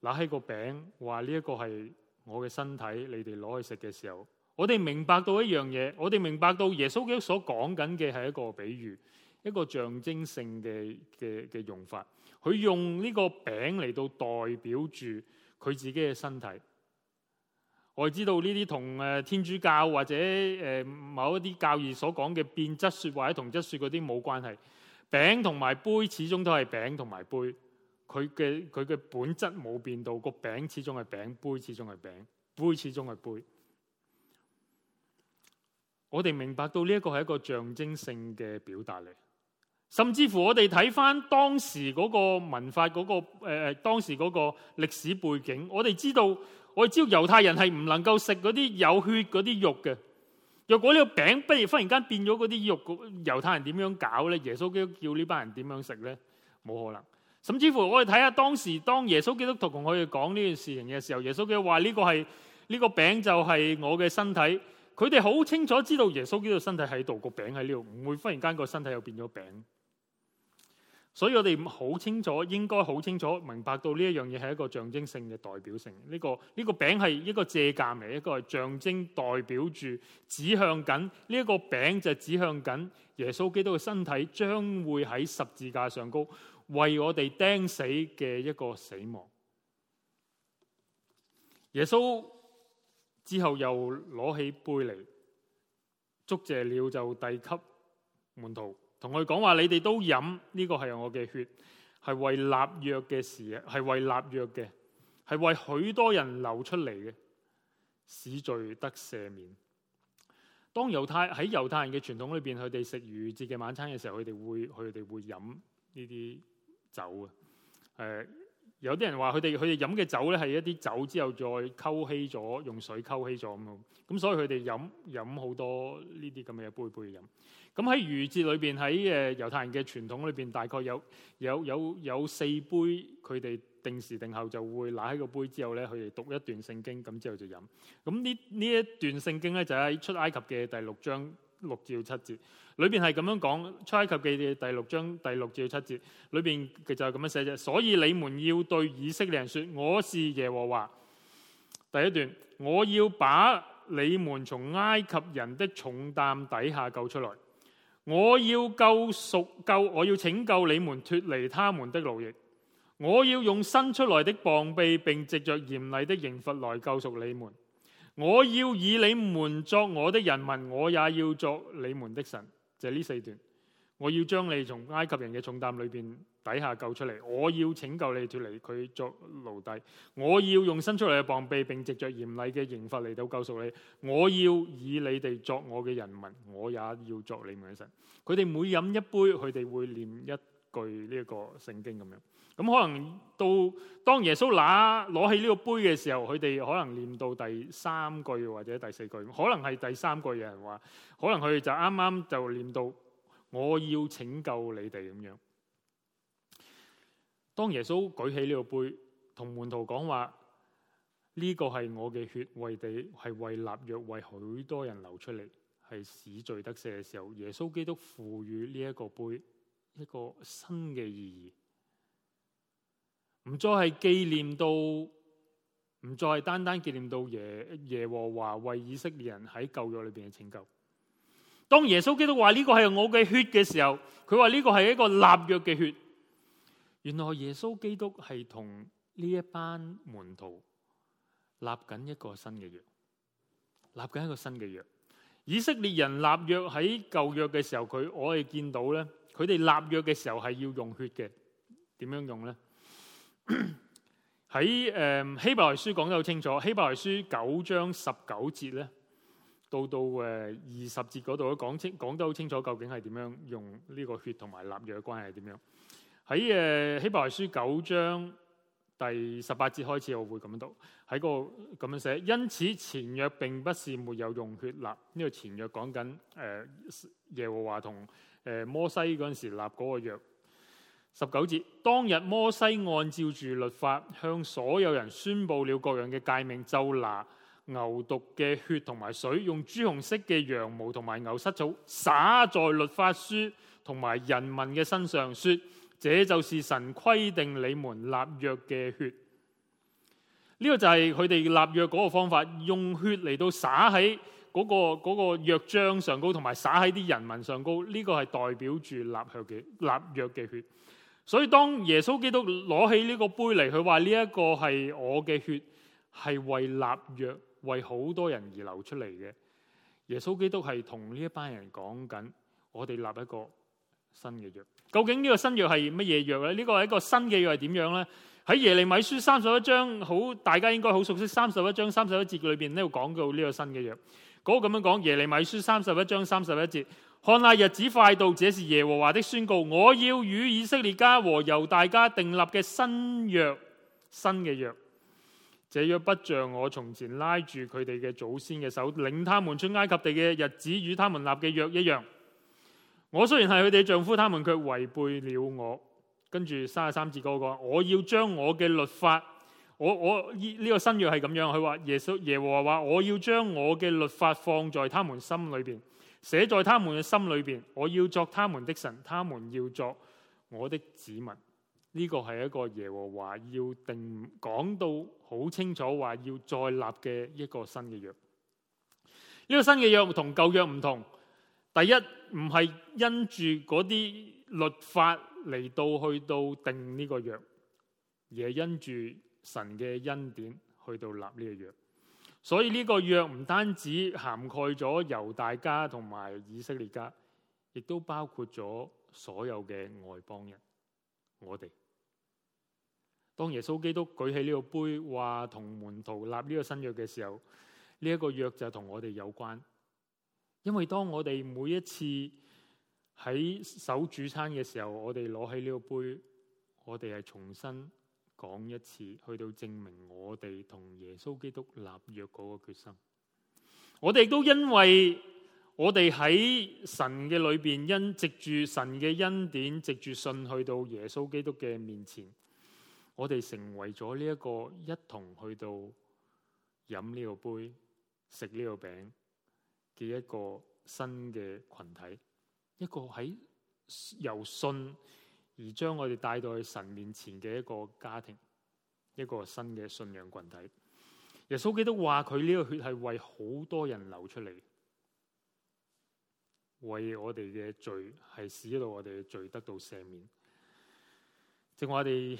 拿起個餅，話呢一個係我嘅身體，你哋攞去食嘅時候，我哋明白到一樣嘢。我哋明白到耶穌基督所講緊嘅係一個比喻，一個象徵性嘅嘅嘅用法。佢用呢個餅嚟到代表住佢自己嘅身體。我知道呢啲同天主教或者誒某一啲教義所講嘅變質説或者同質説嗰啲冇關係。餅同埋杯始終都係餅同埋杯，佢嘅佢嘅本質冇變到，個餅始終係餅，杯始終係餅，杯始終係杯。我哋明白到呢一個係一個象徵性嘅表達嚟，甚至乎我哋睇翻當時嗰個文化嗰、嗰個誒誒、呃、當時嗰個歷史背景，我哋知道。我知猶太人係唔能夠食嗰啲有血嗰啲肉嘅，若果呢個餅不如忽然間變咗嗰啲肉，猶太人點樣搞呢？耶穌基督叫呢班人點樣食呢？冇可能。甚至乎我哋睇下當時當耶穌基督徒同佢哋講呢件事情嘅時候，耶穌基督話呢個係呢、呢個餅就係我嘅身體，佢哋好清楚知道耶穌基督身體喺度，個餅喺呢度，唔會忽然間個身體又變咗餅。所以我哋好清楚，應該好清楚明白到呢一樣嘢係一個象徵性嘅代表性。呢、這個呢、這個餅係一個借鑑嚟，一個係象徵代表住指向緊呢一個餅就指向緊耶穌基督嘅身體將會喺十字架上高為我哋釘死嘅一個死亡。耶穌之後又攞起杯嚟，祝謝了就遞給門徒。同佢講話，你哋都飲，呢個係我嘅血，係為立約嘅事，係為立約嘅，係為許多人流出嚟嘅，使罪得赦免。當猶太喺猶太人嘅傳統裏邊，佢哋食逾節嘅晚餐嘅時候，佢哋會佢哋會飲呢啲酒啊，誒、呃。有啲人話佢哋佢哋飲嘅酒咧係一啲酒之後再溝稀咗，用水溝稀咗咁咯。咁所以佢哋飲飲好多呢啲咁嘅杯杯飲。咁喺逾節裏邊喺誒猶太人嘅傳統裏邊，大概有有有有四杯，佢哋定時定候就會拿起個杯之後咧，佢哋讀一段聖經，咁之後就飲。咁呢呢一段聖經咧就喺、是、出埃及嘅第六章，六至七節，裏邊係咁樣講《出埃及記》嘅第六章第六至七節，裏邊就係咁樣寫啫。所以你們要對以色列人說：我是耶和華。第一段，我要把你們從埃及人的重擔底下救出來，我要救贖救，我要拯救你們脱離他們的奴役。我要用伸出來的膀臂，並藉着嚴厲的刑罰來救贖你們。我要以你們作我的人民，我也要作你們的神。就係、是、呢四段，我要將你從埃及人嘅重擔裏邊底下救出嚟，我要拯救你脫離佢作奴隸，我要用伸出嚟嘅膀臂，並藉着嚴厲嘅刑罰嚟到救贖你。我要以你哋作我嘅人民，我也要作你們嘅神。佢哋每飲一杯，佢哋會念一句呢一個聖經咁樣。咁可能到當耶穌拿攞起呢個杯嘅時候，佢哋可能念到第三句或者第四句，可能係第三句有人話，可能佢哋就啱啱就念到我要拯救你哋咁樣。當耶穌舉起呢個杯，同門徒講話呢個係我嘅血，為地係為立約，為許多人流出嚟，係使罪得赦嘅時候，耶穌基督賦予呢一個杯一個新嘅意義。唔再係紀念到，唔再係單單紀念到耶耶和華為以色列人喺舊約裏邊嘅拯救。當耶穌基督話呢個係我嘅血嘅時候，佢話呢個係一個立約嘅血。原來耶穌基督係同呢一班門徒立緊一個新嘅約，立緊一個新嘅約。以色列人立約喺舊約嘅時候，佢我哋見到咧，佢哋立約嘅時候係要用血嘅，點樣用咧？喺誒 希伯來書講得好清楚，希伯來書九章十九節咧，到到誒二十節嗰度都講清講得好清楚，究竟係點樣用呢個血同埋立約嘅關係係點樣？喺誒希伯來書九章第十八節開始，我會咁樣讀，喺個咁樣寫。因此前約並不是沒有用血立，呢、這個前約講緊誒耶和華同誒摩西嗰陣時立嗰個約。十九節，當日摩西按照住律法，向所有人宣佈了各樣嘅誡命。就拿牛犢嘅血同埋水，用朱紅色嘅羊毛同埋牛膝草灑在律法書同埋人民嘅身上，說：這就是神規定你們立約嘅血。呢、這個就係佢哋立約嗰個方法，用血嚟到灑喺嗰個嗰，那個約章上高，同埋灑喺啲人民上高。呢、這個係代表住立約嘅立約嘅血。所以當耶穌基督攞起呢個杯嚟，佢話呢一個係我嘅血，係為立約、為好多人而流出嚟嘅。耶穌基督係同呢一班人講緊，我哋立一個新嘅約。究竟呢個新約係乜嘢約呢？呢個係一個新嘅約係點樣呢？喺耶利米書三十一章，好，大家應該好熟悉。三十一章三十一節裏邊咧講到呢個新嘅約。嗰個咁樣講耶利米書三十一章三十一節。看那日子快到，這是耶和華的宣告。我要與以色列家和猶大家訂立嘅新約，新嘅約。這約不像我從前拉住佢哋嘅祖先嘅手，領他們出埃及地嘅日子與他們立嘅約一樣。我雖然係佢哋丈夫，他們卻違背了我。跟住三十三節嗰個，我要將我嘅律法，我我呢、這個新約係咁樣。佢話耶穌耶和華話，我要將我嘅律法放在他們心裏邊。寫在他們嘅心裏面，我要作他們的神，他們要作我的子民。呢、這個係一個耶和華要定講到好清楚，話要再立嘅一個新嘅約。呢、這個新嘅約同舊約唔同。第一唔係因住嗰啲律法嚟，到去到定呢個約，而係因住神嘅恩典去到立呢個約。所以呢個約唔單止涵蓋咗猶大家同埋以色列家，亦都包括咗所有嘅外邦人。我哋當耶穌基督舉起呢個杯，話同門徒立呢個新約嘅時候，呢、這個約就同我哋有關。因為當我哋每一次喺守主餐嘅時候，我哋攞起呢個杯，我哋係重新。講一次，去到證明我哋同耶穌基督立約嗰個決心。我哋都因為我哋喺神嘅裏邊，因藉住神嘅恩典，藉住信去到耶穌基督嘅面前，我哋成為咗呢一個一同去到飲呢個杯、食呢個餅嘅一個新嘅群體，一個喺由信。而將我哋帶到去神面前嘅一個家庭，一個新嘅信仰群體。耶穌基督話：佢呢個血係為好多人流出嚟，為我哋嘅罪係使到我哋嘅罪得到赦免。正我哋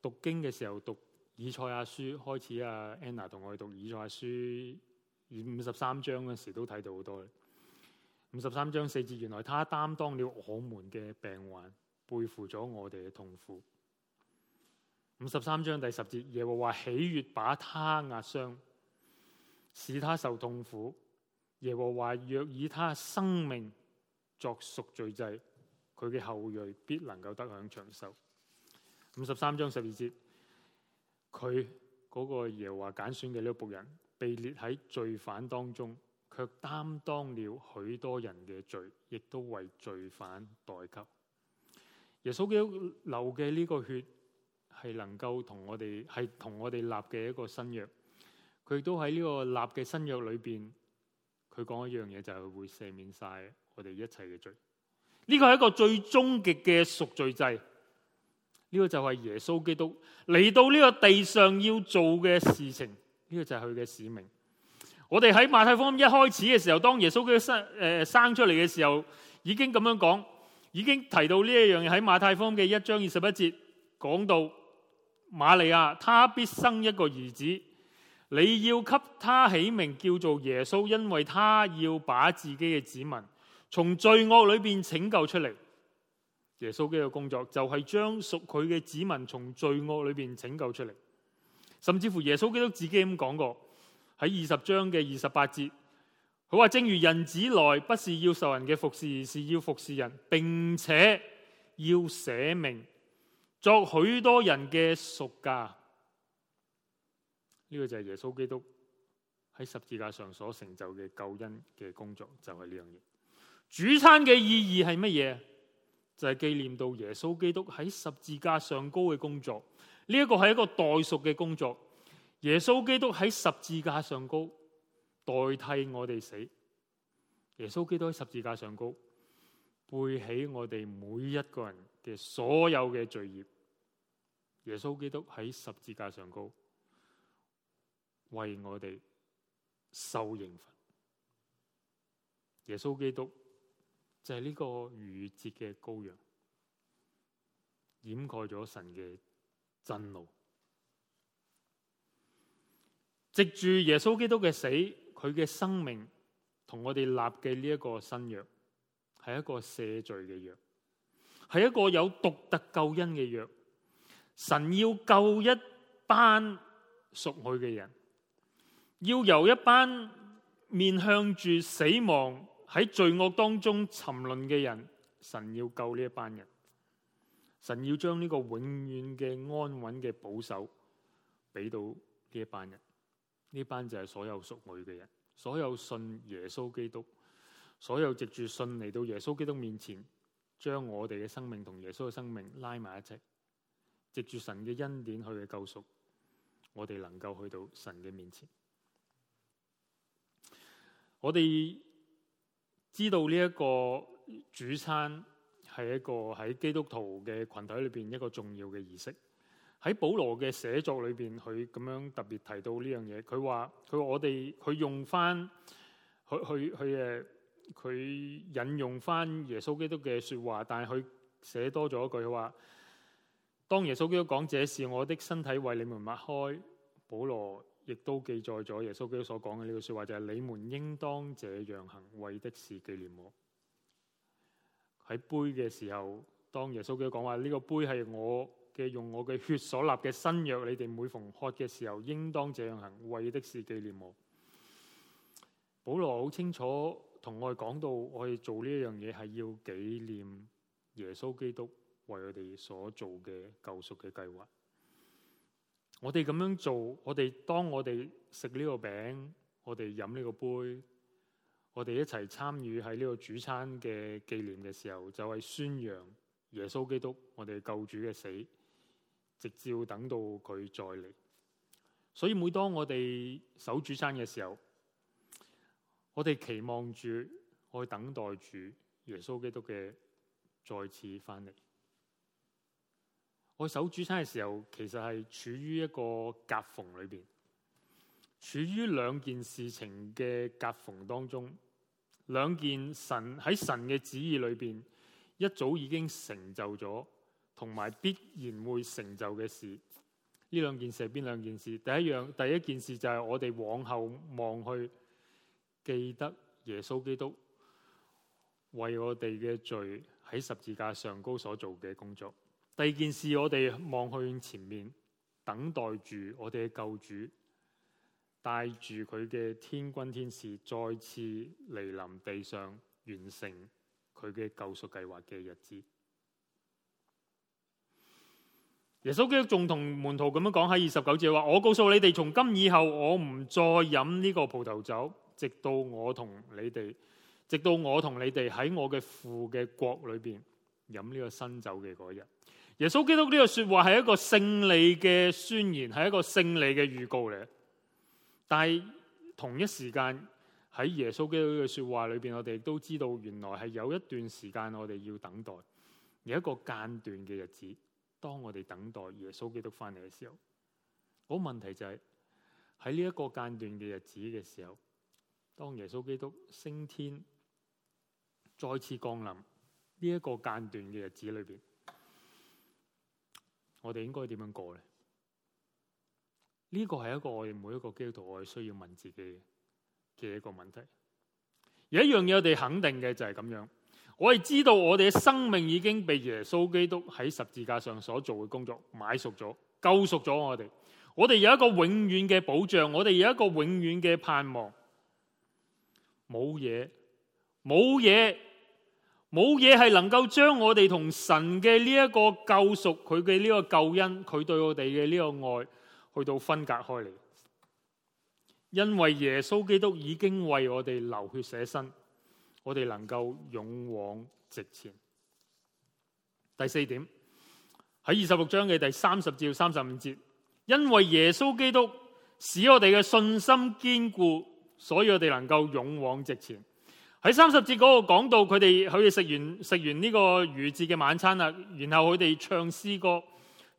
讀經嘅時候，讀以賽亞書開始啊，Anna 同我哋讀以賽亞書五五十三章嗰時候都睇到好多。五十三章四節，原來他擔當了我們嘅病患。背負咗我哋嘅痛苦。五十三章第十節，耶和華喜悦把他壓傷，使他受痛苦。耶和華若以他生命作贖罪祭，佢嘅後裔必能夠得享長壽。五十三章十二節，佢嗰個耶和華揀選嘅呢個僕人，被列喺罪犯當中，却擔當了許多人嘅罪，亦都為罪犯代給。耶穌基督流嘅呢個血係能夠同我哋係同我哋立嘅一個新約，佢都喺呢個立嘅新約裏邊，佢講一樣嘢，就係會赦免晒我哋一切嘅罪。呢個係一個最終極嘅贖罪祭。呢、這個就係耶穌基督嚟到呢個地上要做嘅事情。呢、這個就係佢嘅使命。我哋喺馬太福音一開始嘅時候，當耶穌基督生誒生出嚟嘅時候，已經咁樣講。已經提到呢一樣嘢，喺馬太福音嘅一章二十一節講到瑪利亞，他必生一個兒子，你要給他起名叫做耶穌，因為他要把自己嘅子民從罪惡裏邊拯救出嚟。耶穌基督嘅工作就係將屬佢嘅子民從罪惡裏邊拯救出嚟。甚至乎耶穌基督自己咁講過，喺二十章嘅二十八節。佢話：正如人子來，不是要受人嘅服侍，而是要服侍人，並且要捨命作許多人嘅贖價。呢、這個就係耶穌基督喺十字架上所成就嘅救恩嘅工作，就係呢樣嘢。主餐嘅意義係乜嘢？就係、是、紀念到耶穌基督喺十字架上高嘅工作。呢、這、一個係一個代贖嘅工作。耶穌基督喺十字架上高，代替我哋死，耶穌基督喺十字架上高，背起我哋每一個人嘅所有嘅罪孽。耶穌基督喺十字架上高，為我哋受刑罰。耶穌基督就係呢個逾越節嘅羔羊，掩蓋咗神嘅震怒。藉住耶穌基督嘅死，佢嘅生命同我哋立嘅呢一個新約，係一個赦罪嘅約，係一個有獨特救恩嘅約。神要救一班屬佢嘅人，要由一班面向住死亡喺罪惡當中沉淪嘅人，神要救呢一班人。神要將呢個永遠嘅安穩嘅保守，俾到呢一班人。呢班就係所有屬女嘅人，所有信耶穌基督，所有藉住信嚟到耶穌基督面前，將我哋嘅生命同耶穌嘅生命拉埋一齊，藉住神嘅恩典佢嘅救贖，我哋能夠去到神嘅面前。我哋知道呢一個主餐係一個喺基督徒嘅群體裏邊一個重要嘅儀式。喺保羅嘅寫作裏邊，佢咁樣特別提到呢樣嘢。佢話佢，我哋，佢用翻佢，誒，佢引用翻耶穌基督嘅說話，但係佢寫多咗一句，佢話：當耶穌基督講這是我的身體為你們擘開，保羅亦都記載咗耶穌基督所講嘅呢句說話，就係、是、你們應當這樣行為的是紀念我。喺杯嘅時候，當耶穌基督講話呢個杯係我，用我嘅血所立嘅新約，你哋每逢喝嘅時候，應當這樣行，為的是紀念我。保羅好清楚同我哋講到，我哋做呢一樣嘢係要紀念耶穌基督為我哋所做嘅救贖嘅計劃。我哋咁樣做，我哋當我哋食呢個餅，我哋飲呢個杯，我哋一齊參與喺呢個主餐嘅紀念嘅時候，就係宣揚耶穌基督我哋救主嘅死。直至等到佢再嚟，所以每當我哋守主餐嘅時候，我哋期望住，我等待住耶穌基督嘅再次翻嚟。我守主餐嘅時候，其實係處於一個夾縫裏邊，處於兩件事情嘅夾縫當中，兩件神喺神嘅旨意裏邊一早已經成就咗。同埋必然會成就嘅事，呢兩件事係邊兩件事？第一樣，第一件事就係我哋往後望去，記得耶穌基督為我哋嘅罪喺十字架上高所做嘅工作。第二件事，我哋望去前面，等待住我哋嘅救主帶住佢嘅天軍天使再次嚟臨地上，完成佢嘅救贖計劃嘅日子。耶穌基督仲同門徒咁樣講喺二十九節話：我告訴你哋，從今以後我唔再飲呢個葡萄酒，直到我同你哋，直到我同你哋喺我嘅父嘅國裏邊飲呢個新酒嘅嗰日。耶穌基督呢個說話係一個勝利嘅宣言，係一個勝利嘅預告嚟。但係同一時間喺耶穌基督嘅說話裏邊，我哋都知道原來係有一段時間我哋要等待，有一個間斷嘅日子。當我哋等待耶穌基督翻嚟嘅時候，嗰個問題就係喺呢一個間斷嘅日子嘅時候，當耶穌基督升天再次降臨呢一個間斷嘅日子裏邊，我哋應該點樣過呢？呢個係一個我哋每一個基督徒我哋需要問自己嘅一個問題。有一樣嘢我哋肯定嘅就係咁樣。我哋知道我哋嘅生命已經被耶穌基督喺十字架上所做嘅工作買贖咗、救贖咗我哋。我哋有一個永遠嘅保障，我哋有一個永遠嘅盼望。冇嘢，冇嘢，冇嘢係能夠將我哋同神嘅呢一個救贖、佢嘅呢個救恩、佢對我哋嘅呢個愛，去到分隔開嚟。因為耶穌基督已經為我哋流血捨身。我哋能夠勇往直前。第四點喺二十六章嘅第三十至三十五節，因為耶穌基督使我哋嘅信心堅固，所以我哋能夠勇往直前。喺三十節嗰個講到佢哋，佢哋食完食完呢個逾節嘅晚餐啦，然後佢哋唱詩歌，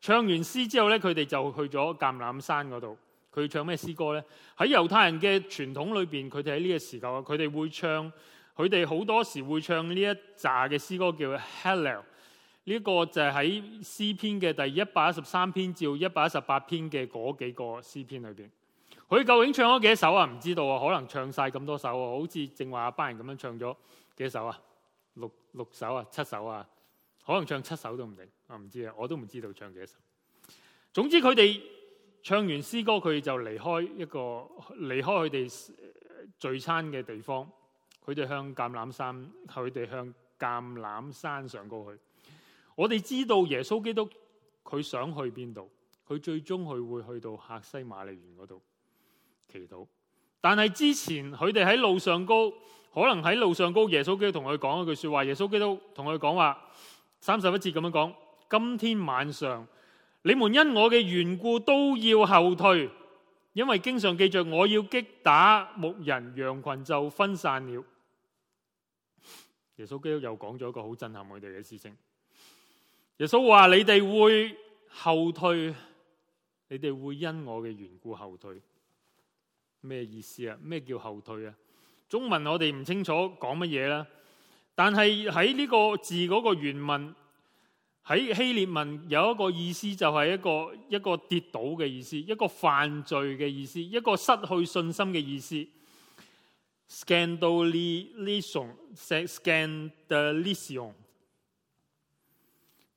唱完詩之後呢，佢哋就去咗橄欖山嗰度。佢唱咩詩歌呢？喺猶太人嘅傳統裏邊，佢哋喺呢個時候，佢哋會唱。佢哋好多時會唱呢一紮嘅詩歌，叫《Hallel》。呢個就係喺詩篇嘅第一百一十三篇至一百一十八篇嘅嗰幾個詩篇裏邊。佢究竟唱咗幾多首啊？唔知道啊，可能唱晒咁多首啊，好似正話一班人咁樣唱咗幾多首啊？六六首啊，七首啊，可能唱七首都唔定，我唔知啊，我都唔知道唱幾多首。總之佢哋唱完詩歌，佢哋就離開一個離開佢哋聚餐嘅地方。佢哋向橄纜山，佢哋向橄纜山上高去。我哋知道耶穌基督佢想去邊度？佢最終佢會去到客西馬尼園嗰度祈禱。但係之前佢哋喺路上高，可能喺路上高，耶穌基督同佢講一句說話。耶穌基督同佢講話三十一節咁樣講：，今天晚上你們因我嘅緣故都要後退，因為經常記着我要擊打牧人，羊群就分散了。耶穌基督又講咗一個好震撼我哋嘅事情。耶穌話：你哋會後退，你哋會因我嘅緣故後退。咩意思啊？咩叫後退啊？中文我哋唔清楚講乜嘢啦。但係喺呢個字嗰個原文喺希臘文有一個意思，就係一個一個跌倒嘅意思，一個犯罪嘅意思，一個失去信心嘅意思。Scandalization, Scandalization，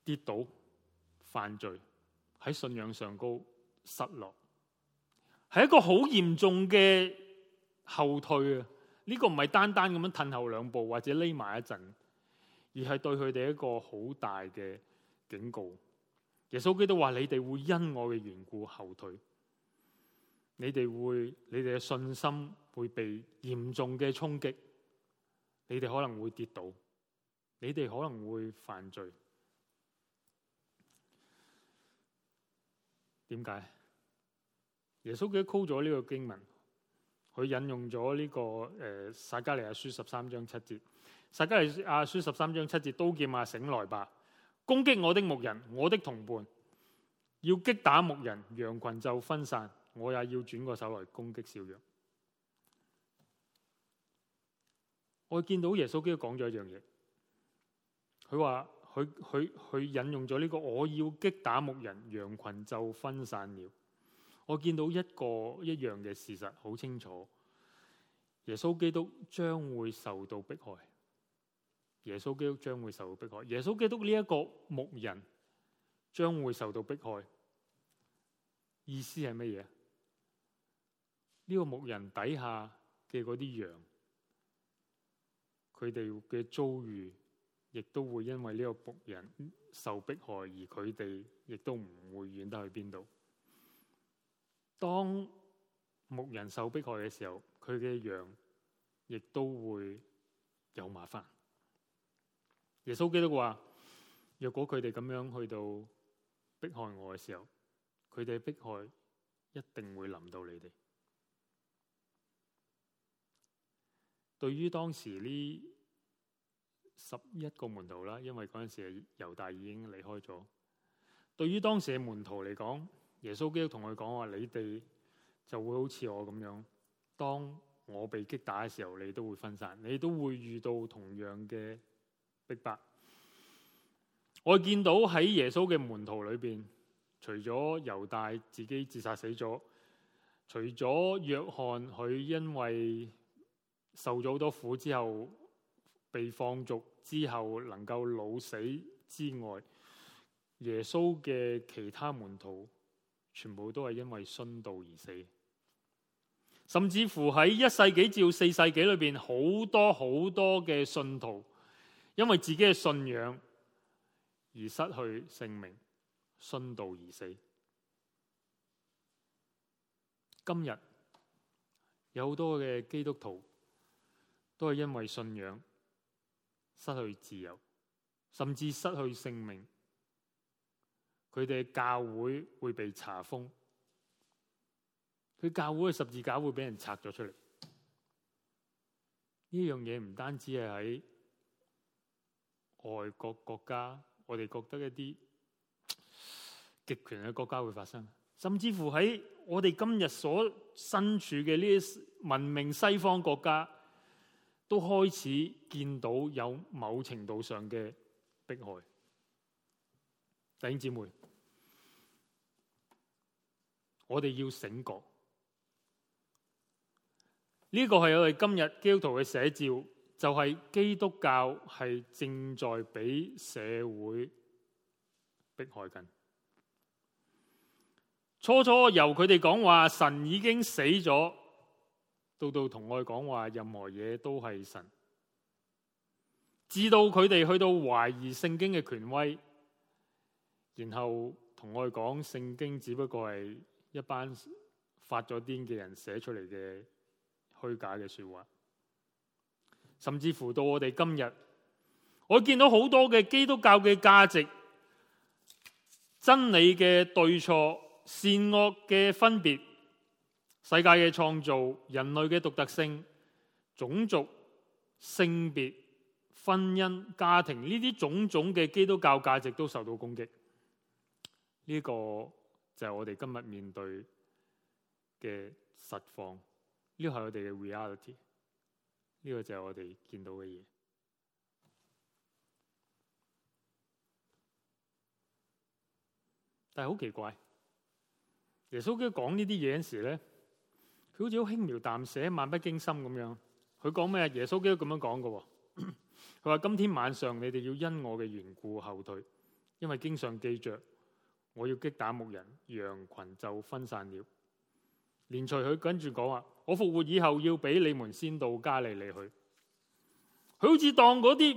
跌倒犯罪喺信仰上高失落係一個好嚴重嘅後退啊呢、這個唔係單單咁樣褪後兩步或者匿埋一陣，而係對佢哋一個好大嘅警告。耶穌基督話，你哋會因我嘅緣故後退，你哋會你哋嘅信心。會被嚴重嘅衝擊，你哋可能會跌倒，你哋可能會犯罪。點解？耶穌嘅 call 咗呢個經文，佢引用咗呢、這個誒撒、呃、迦利亞書十三章七節。撒迦利亞書十三章七節：刀劍啊，醒來吧！攻擊我的牧人，我的同伴，要擊打牧人，羊群就分散。我也要轉個手來攻擊小羊。我見到耶穌基督講咗一樣嘢，佢話佢佢佢引用咗呢個我要擊打牧人，羊群就分散了。我見到一個一樣嘅事實好清楚，耶穌基督將會受到迫害。耶穌基督將會受到迫害。耶穌基督呢一個牧人將會受到迫害。意思係乜嘢？呢個牧人底下嘅嗰啲羊。佢哋嘅遭遇，亦都會因為呢個牧人受迫害，而佢哋亦都唔會遠得去邊度。當牧人受迫害嘅時候，佢嘅羊亦都會有麻煩。耶穌基督話：若果佢哋咁樣去到迫害我嘅時候，佢哋迫害一定會臨到你哋。對於當時呢十一個門徒啦，因為嗰陣時係猶大已經離開咗。對於當時嘅門徒嚟講，耶穌基督同佢講話：你哋就會好似我咁樣，當我被擊打嘅時候，你都會分散，你都會遇到同樣嘅逼迫。我見到喺耶穌嘅門徒裏邊，除咗猶大自己自殺死咗，除咗約翰，佢因為受咗好多苦之後，被放逐之後，能夠老死之外，耶穌嘅其他門徒，全部都係因為殉道而死。甚至乎喺一世紀至四世紀裏邊，好多好多嘅信徒，因為自己嘅信仰而失去性命，殉道而死。今日有好多嘅基督徒。都係因為信仰，失去自由，甚至失去性命。佢哋教會會被查封，佢教會嘅十字架會畀人拆咗出嚟。呢樣嘢唔單止係喺外國國家，我哋覺得一啲極權嘅國家會發生，甚至乎喺我哋今日所身處嘅呢啲文明西方國家都開始見到有某程度上嘅迫害，弟兄姊妹，我哋要醒覺。呢、這個係我哋今日基督徒嘅寫照，就係、是、基督教係正在俾社會迫害緊。初初由佢哋講話，神已經死咗。到到同我講話，任何嘢都係神，至到佢哋去到懷疑聖經嘅權威，然後同我講聖經只不過係一班發咗癲嘅人寫出嚟嘅虛假嘅說話，甚至乎到我哋今日，我見到好多嘅基督教嘅價值、真理嘅對錯、善惡嘅分別。世界嘅創造、人類嘅獨特性、種族、性別、婚姻、家庭呢啲種種嘅基督教價值都受到攻擊。呢、呢個就係我哋今日面對嘅實況。呢個係我哋嘅 reality。呢個就係我哋見到嘅嘢。但係好奇怪，耶穌基督講呢啲嘢嗰時咧。佢好似好輕描淡寫、漫不經心咁樣。佢講咩？耶穌基督咁樣講喎。佢話：今天晚上你哋要因我嘅緣故後退，因為經常記着我要擊打牧人，羊群就分散了。連隨佢跟住講啊，我復活以後要俾你們先到加利利去。佢好似當嗰啲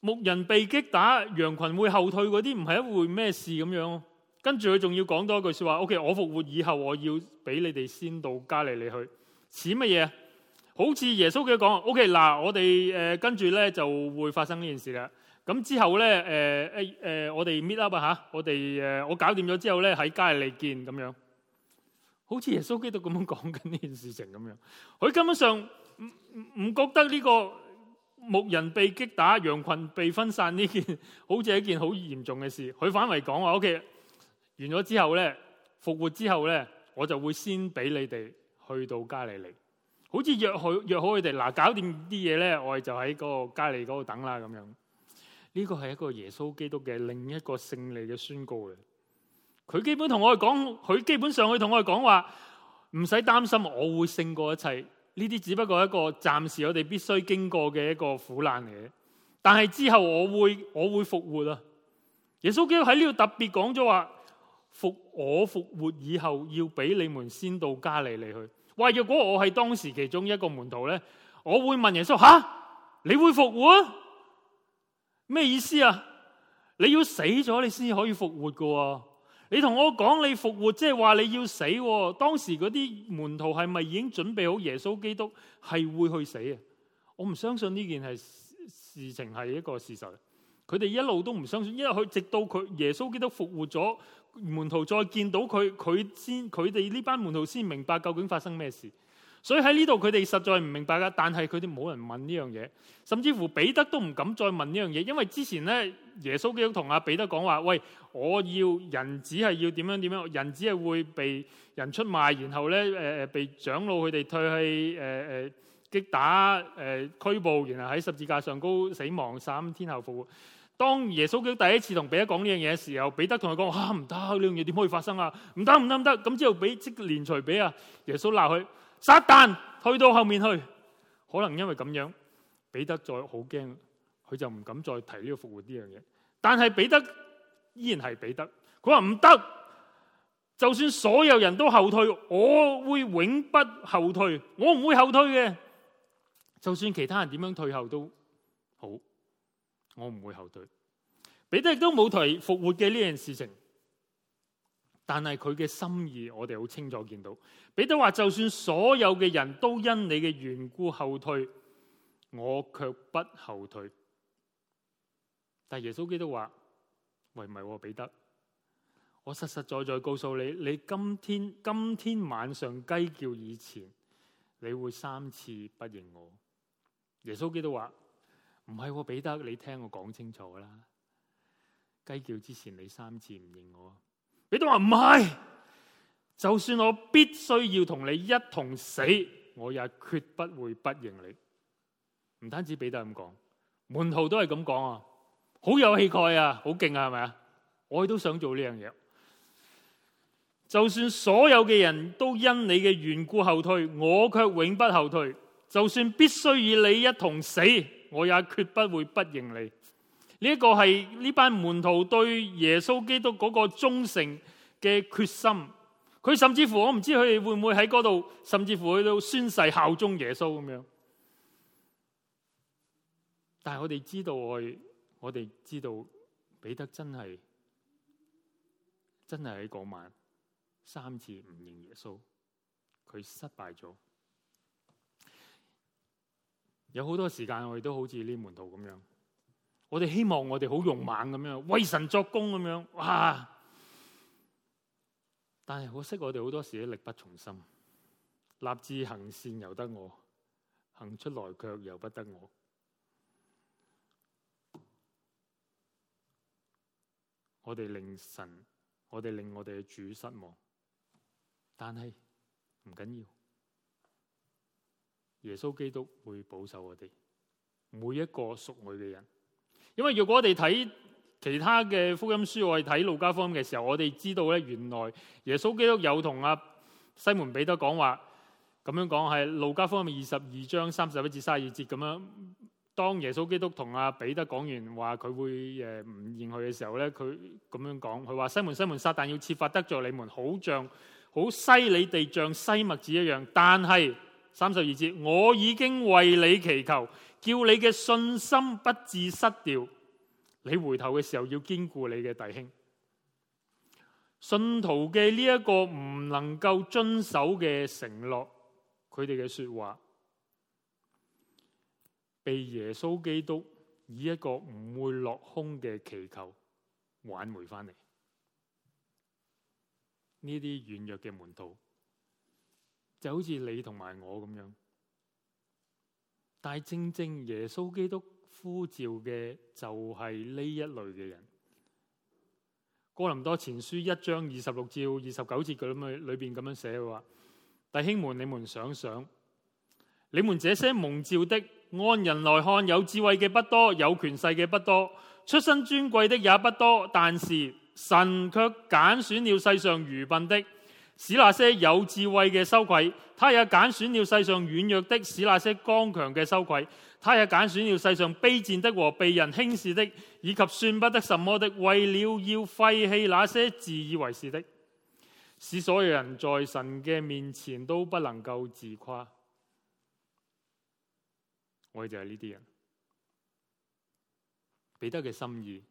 牧人被擊打、羊群會後退嗰啲，唔係一回咩事咁樣。跟住佢仲要講多一句說話，OK，我復活以後我要俾你哋先到加利利去，似乜嘢？好似耶穌基督講，OK，嗱，我哋誒、呃、跟住咧就會發生呢件事啦。咁之後咧誒誒，我哋 meet up 啊吓，我哋誒、呃、我搞掂咗之後咧喺加利利見咁樣，好似耶穌基督咁樣講緊呢件事情咁樣。佢根本上唔唔覺得呢個牧人被擊打、羊群被分散呢件，好似一件好嚴重嘅事。佢反為講話，OK，完咗之後呢，復活之後呢，我就會先俾你哋去到加利利，好似約好約好佢哋嗱，搞掂啲嘢呢，我哋就喺個加利利嗰度等啦。咁樣呢個係一個耶穌基督嘅另一個勝利嘅宣告嘅。佢基本同我哋講，佢基本上佢同我哋講話唔使擔心，我會勝過一切。呢啲只不過一個暫時我哋必須經過嘅一個苦難嚟，但係之後我會我會復活啊。耶穌基督喺呢度特別講咗話。復我復活以後要俾你們先到加利利去。話，若果我係當時其中一個門徒呢，我會問耶穌：吓，你會復活？咩意思啊？你要死咗你先可以復活噶？你同我講你復活，即係話你要死。當時嗰啲門徒係咪已經準備好耶穌基督係會去死啊？我唔相信呢件係事情係一個事實。佢哋一路都唔相信，因為佢直到佢耶穌基督復活咗，門徒再見到佢，佢先佢哋呢班門徒先明白究竟發生咩事。所以喺呢度佢哋實在唔明白噶，但係佢哋冇人問呢樣嘢，甚至乎彼得都唔敢再問呢樣嘢，因為之前咧耶穌基督同阿彼得講話：喂，我要人子係要點樣點樣？人子係會被人出賣，然後咧誒誒被長老佢哋退去誒誒擊打誒、呃、拘捕，然後喺十字架上高死亡，三天後復活。當耶穌第一次同彼得講呢樣嘢嘅時候，彼得同佢講：啊，唔得，呢樣嘢點可以發生啊？唔得唔得唔得！咁之後俾，即連隨俾啊，耶穌鬧佢，撒旦，退到後面去。可能因為咁樣，彼得再好驚，佢就唔敢再提呢個復活呢樣嘢。但係彼得依然係彼得，佢話唔得，就算所有人都後退，我會永不後退，我唔會後退嘅。就算其他人點樣退後都好。我唔會後退，彼得亦都冇提復活嘅呢件事情，但係佢嘅心意我哋好清楚見到。彼得話：就算所有嘅人都因你嘅緣故後退，我卻不後退。但耶穌基督話：喂，唔係啊，彼得，我實實在在告訴你，你今天今天晚上雞叫以前，你會三次不認我。耶穌基督話。唔係啊，彼得，你聽我講清楚啦。雞叫之前，你三次唔認我。彼得話唔係，就算我必須要同你一同死，我也決不會不認你。唔單止彼得咁講，門徒都係咁講啊，好有氣概啊，好勁啊，係咪啊？我也都想做呢樣嘢。就算所有嘅人都因你嘅緣故後退，我卻永不後退。就算必須與你一同死。我也絕不會不認你，呢一個係呢班門徒對耶穌基督嗰個忠誠嘅決心。佢甚至乎我唔知佢哋會唔會喺嗰度，甚至乎去到宣誓效忠耶穌咁樣。但係我哋知道，我哋知道彼得真係真係喺嗰晚三次唔認耶穌，佢失敗咗。有好多時間我哋都好似呢門徒咁樣，我哋希望我哋好勇猛咁樣為神作工咁樣，哇！但係可惜我哋好多時都力不從心，立志行善由得我，行出來卻由不得我。我哋令神，我哋令我哋嘅主失望，但係唔緊要。耶穌基督會保守我哋每一個屬女嘅人，因為如果我哋睇其他嘅福音書，我哋睇路加福音嘅時候，我哋知道咧，原來耶穌基督有同阿西門彼得講話，咁樣講係路加福音二十二章三十一至三十二節咁樣。當耶穌基督同阿彼得講完話佢會誒唔、呃、認佢嘅時候咧，佢咁樣講，佢話，西門西門，撒旦要設法得著你們，好像好犀利地像西墨子一樣，但係。三十二節，我已經為你祈求，叫你嘅信心不致失掉。你回頭嘅時候要堅固你嘅弟兄。信徒嘅呢一個唔能夠遵守嘅承諾、佢哋嘅說話，被耶穌基督以一個唔會落空嘅祈求挽回翻嚟。呢啲軟弱嘅門徒，就好似你同埋我咁樣，但係正正耶穌基督呼召嘅就係呢一類嘅人。哥林多前書一章二十六至二十九節佢咁裏邊咁樣寫話：弟兄們，你們想想，你們這些蒙召的，按人來看有智慧嘅不多，有權勢嘅不多，出身尊貴的也不多，但是神卻揀選了世上愚笨的。使那些有智慧嘅羞愧，他也揀選了世上軟弱的；使那些剛強嘅羞愧，他也揀選了世上卑賤的和被人輕視的，以及算不得什麼的，為了要廢棄那些自以為是的，使所有人在神嘅面前都不能夠自誇。我哋就係呢啲人，彼得嘅心意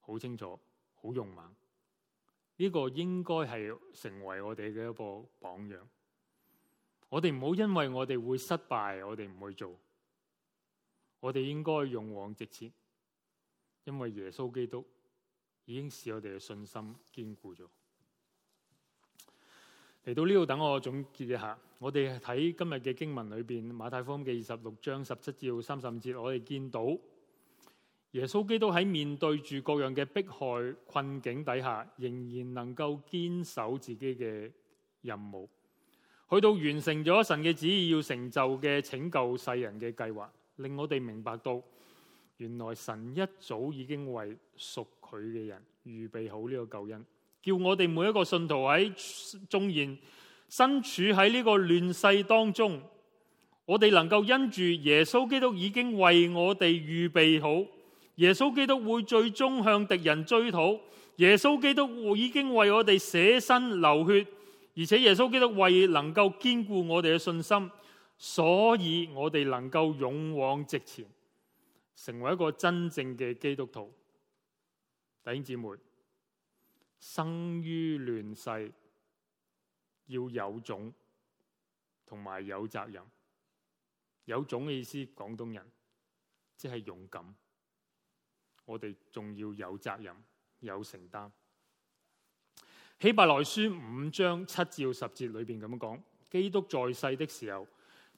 好清楚，好勇猛。呢個應該係成為我哋嘅一個榜樣。我哋唔好因為我哋會失敗，我哋唔會做。我哋應該勇往直前，因為耶穌基督已經使我哋嘅信心堅固咗。嚟到呢度，等我總結一下，我哋睇今日嘅經文裏面，馬太福音嘅二十六章十七至到三十五節，我哋見到。耶穌基督喺面對住各樣嘅迫害、困境底下，仍然能夠堅守自己嘅任務，去到完成咗神嘅旨意要成就嘅拯救世人嘅計劃，令我哋明白到，原來神一早已經為屬佢嘅人預備好呢個救恩，叫我哋每一個信徒喺縱然身處喺呢個亂世當中，我哋能夠因住耶穌基督已經為我哋預備好。耶穌基督會最終向敵人追討。耶穌基督會已經為我哋捨身流血，而且耶穌基督為能夠堅固我哋嘅信心，所以我哋能夠勇往直前，成為一個真正嘅基督徒。弟兄姊妹，生於亂世，要有種，同埋有，有責任。有種嘅意思，廣東人即係勇敢。我哋仲要有責任，有承擔。希伯來書五章七至十節裏邊咁講：基督在世的時候，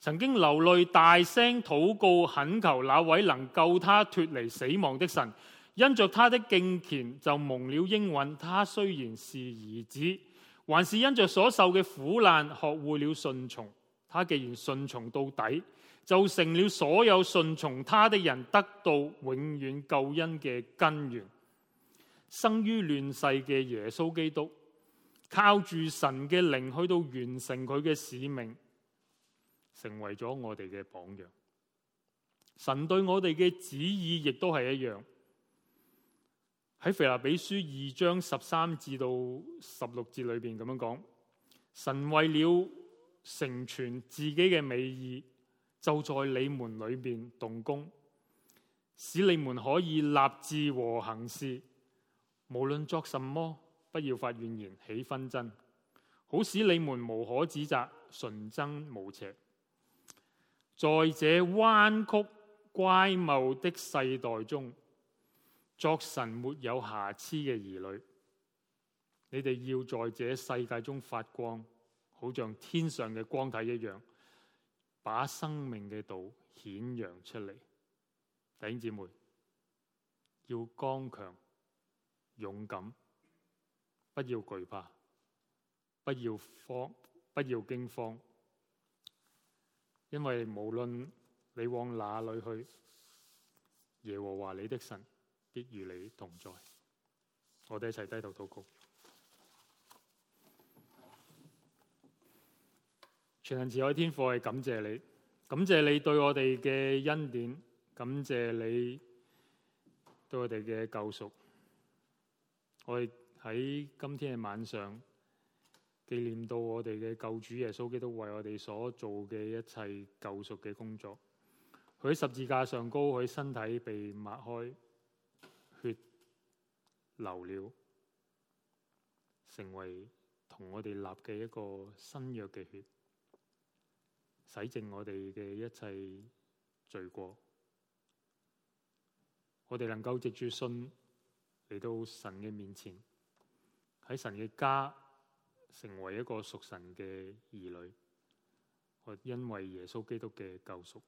曾經流淚大聲禱告，懇求那位能救他脱離死亡的神。因着他的敬虔，就蒙了應允。他雖然是兒子，還是因着所受嘅苦難，學會了順從。他既然順從到底。就成了所有順從他的人得到永遠救恩嘅根源。生於亂世嘅耶穌基督，靠住神嘅靈去到完成佢嘅使命，成為咗我哋嘅榜樣。神對我哋嘅旨意亦都係一樣。喺腓立比書二章十三至到十六節裏邊咁樣講，神為了成全自己嘅美意。就在你們裏面動工，使你們可以立志和行事，無論作什麼，不要發怨言起紛爭，好使你們無可指責，純真無邪。在這彎曲乖謬的世代中，作神沒有瑕疵嘅兒女，你哋要在這世界中發光，好像天上嘅光體一樣。把生命嘅道顯揚出嚟，弟兄姊妹要剛強勇敢，不要懼怕，不要慌，不要驚慌，慌，因為無論你往哪裏去，耶和華你的神必與你同在。我哋一齊低頭禱告。全能慈愛天父，我哋感謝你，感謝你對我哋嘅恩典，感謝你對我哋嘅救贖。我哋喺今天嘅晚上紀念到我哋嘅救主耶穌基督為我哋所做嘅一切救贖嘅工作。佢喺十字架上高，佢身體被抹開，血流了，成為同我哋立嘅一個新約嘅血。洗淨我哋嘅一切罪過，我哋能夠藉住信嚟到神嘅面前，喺神嘅家成為一個屬神嘅兒女。我因為耶穌基督嘅救贖，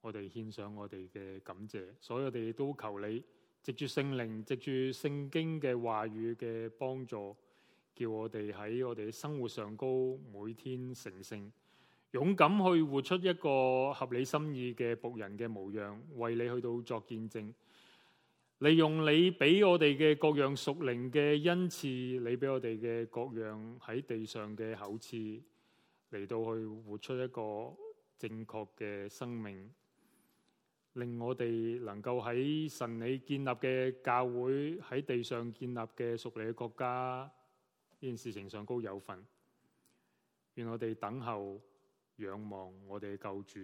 我哋獻上我哋嘅感謝。所以我哋都求你藉住聖靈、藉住聖經嘅話語嘅幫助，叫我哋喺我哋生活上高每天成聖。勇敢去活出一個合理心意嘅僕人嘅模樣，為你去到作見證，利用你俾我哋嘅各樣屬靈嘅恩賜，你俾我哋嘅各樣喺地上嘅口賜，嚟到去活出一個正確嘅生命，令我哋能夠喺神你建立嘅教會喺地上建立嘅屬你嘅國家呢件事情上高有份，願我哋等候。仰望我哋救主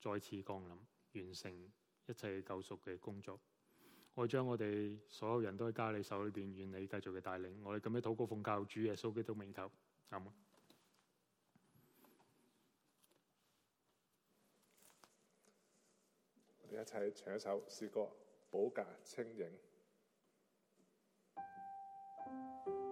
再次降臨，完成一切救贖嘅工作。我將我哋所有人都喺加利手裏邊，願你繼續嘅帶領。我哋咁樣禱告奉教主耶穌基督名求，阿門。我哋一齊唱一首詩歌《寶架清影》。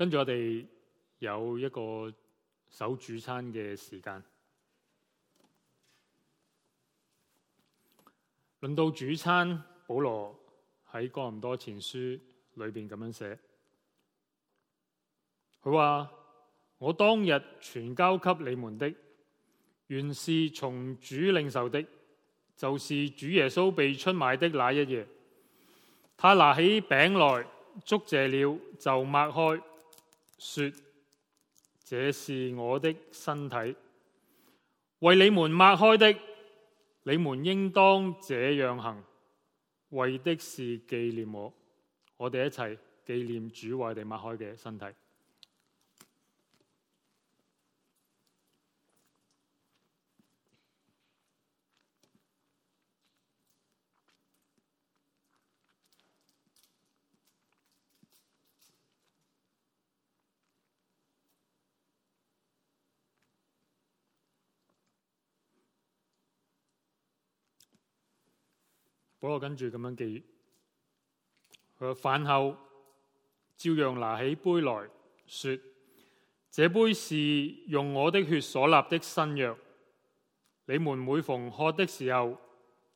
跟住我哋有一個守主餐嘅時間，輪到主餐。保羅喺哥林多前書裏邊咁樣寫，佢話：我當日傳交給你們的，原是從主領受的，就是主耶穌被出賣的那一夜，他拿起餅來，祝謝了，就擘開。說：這是我的身體，為你們擘開的，你們應當這樣行，為的是紀念我。我哋一齊紀念主為我哋擘開嘅身體。不過跟住咁樣記，佢話，飯後照樣拿起杯來說：這杯是用我的血所立的新約，你們每逢喝的時候，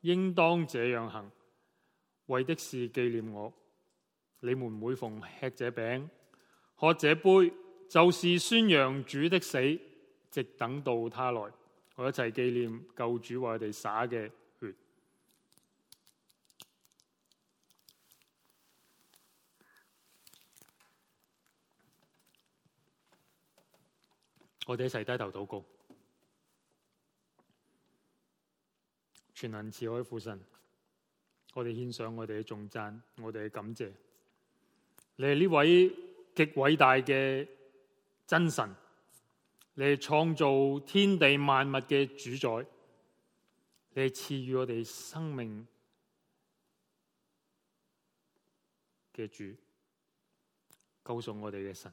應當這樣行，為的是紀念我。你們每逢吃這餅、喝這杯，就是宣揚主的死，直等到他來。我一齊紀念救主為我哋撒嘅。我哋一齊低頭禱告，全能慈愛父神，我哋獻上我哋嘅頌讚、我哋嘅感謝。你係呢位極偉大嘅真神，你係創造天地萬物嘅主宰，你係賜予我哋生命嘅主，救贖我哋嘅神。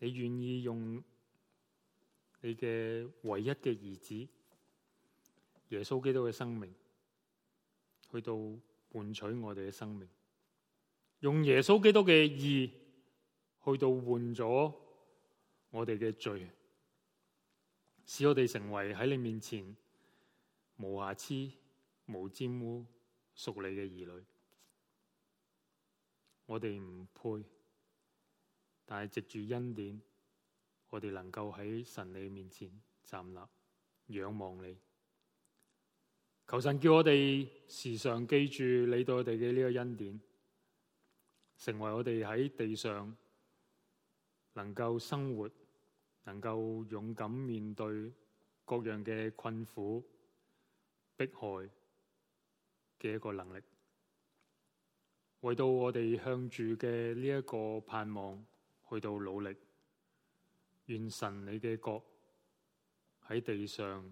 你願意用你嘅唯一嘅兒子耶穌基督嘅生命，去到換取我哋嘅生命，用耶穌基督嘅義去到換咗我哋嘅罪，使我哋成為喺你面前無瑕疵、無玷污、屬你嘅兒女。我哋唔配。但係藉住恩典，我哋能夠喺神你面前站立，仰望你。求神叫我哋時常記住你對我哋嘅呢個恩典，成為我哋喺地上能夠生活、能夠勇敢面對各樣嘅困苦迫害嘅一個能力。為到我哋向住嘅呢一個盼望，去到努力，願神你嘅國喺地上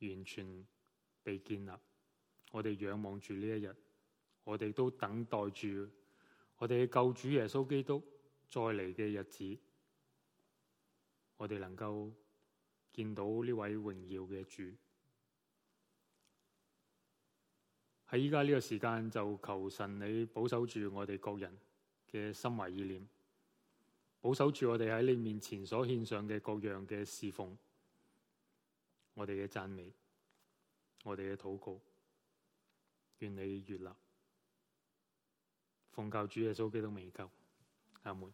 完全被建立。我哋仰望住呢一日，我哋都等待住我哋嘅救主耶穌基督再嚟嘅日子。我哋能夠見到呢位榮耀嘅主。喺而家呢個時間，就求神你保守住我哋各人嘅心懷意念。保守住我哋喺你面前所獻上嘅各樣嘅侍奉，我哋嘅讚美，我哋嘅禱告，願你悅納。奉教主耶穌基督名求，阿門。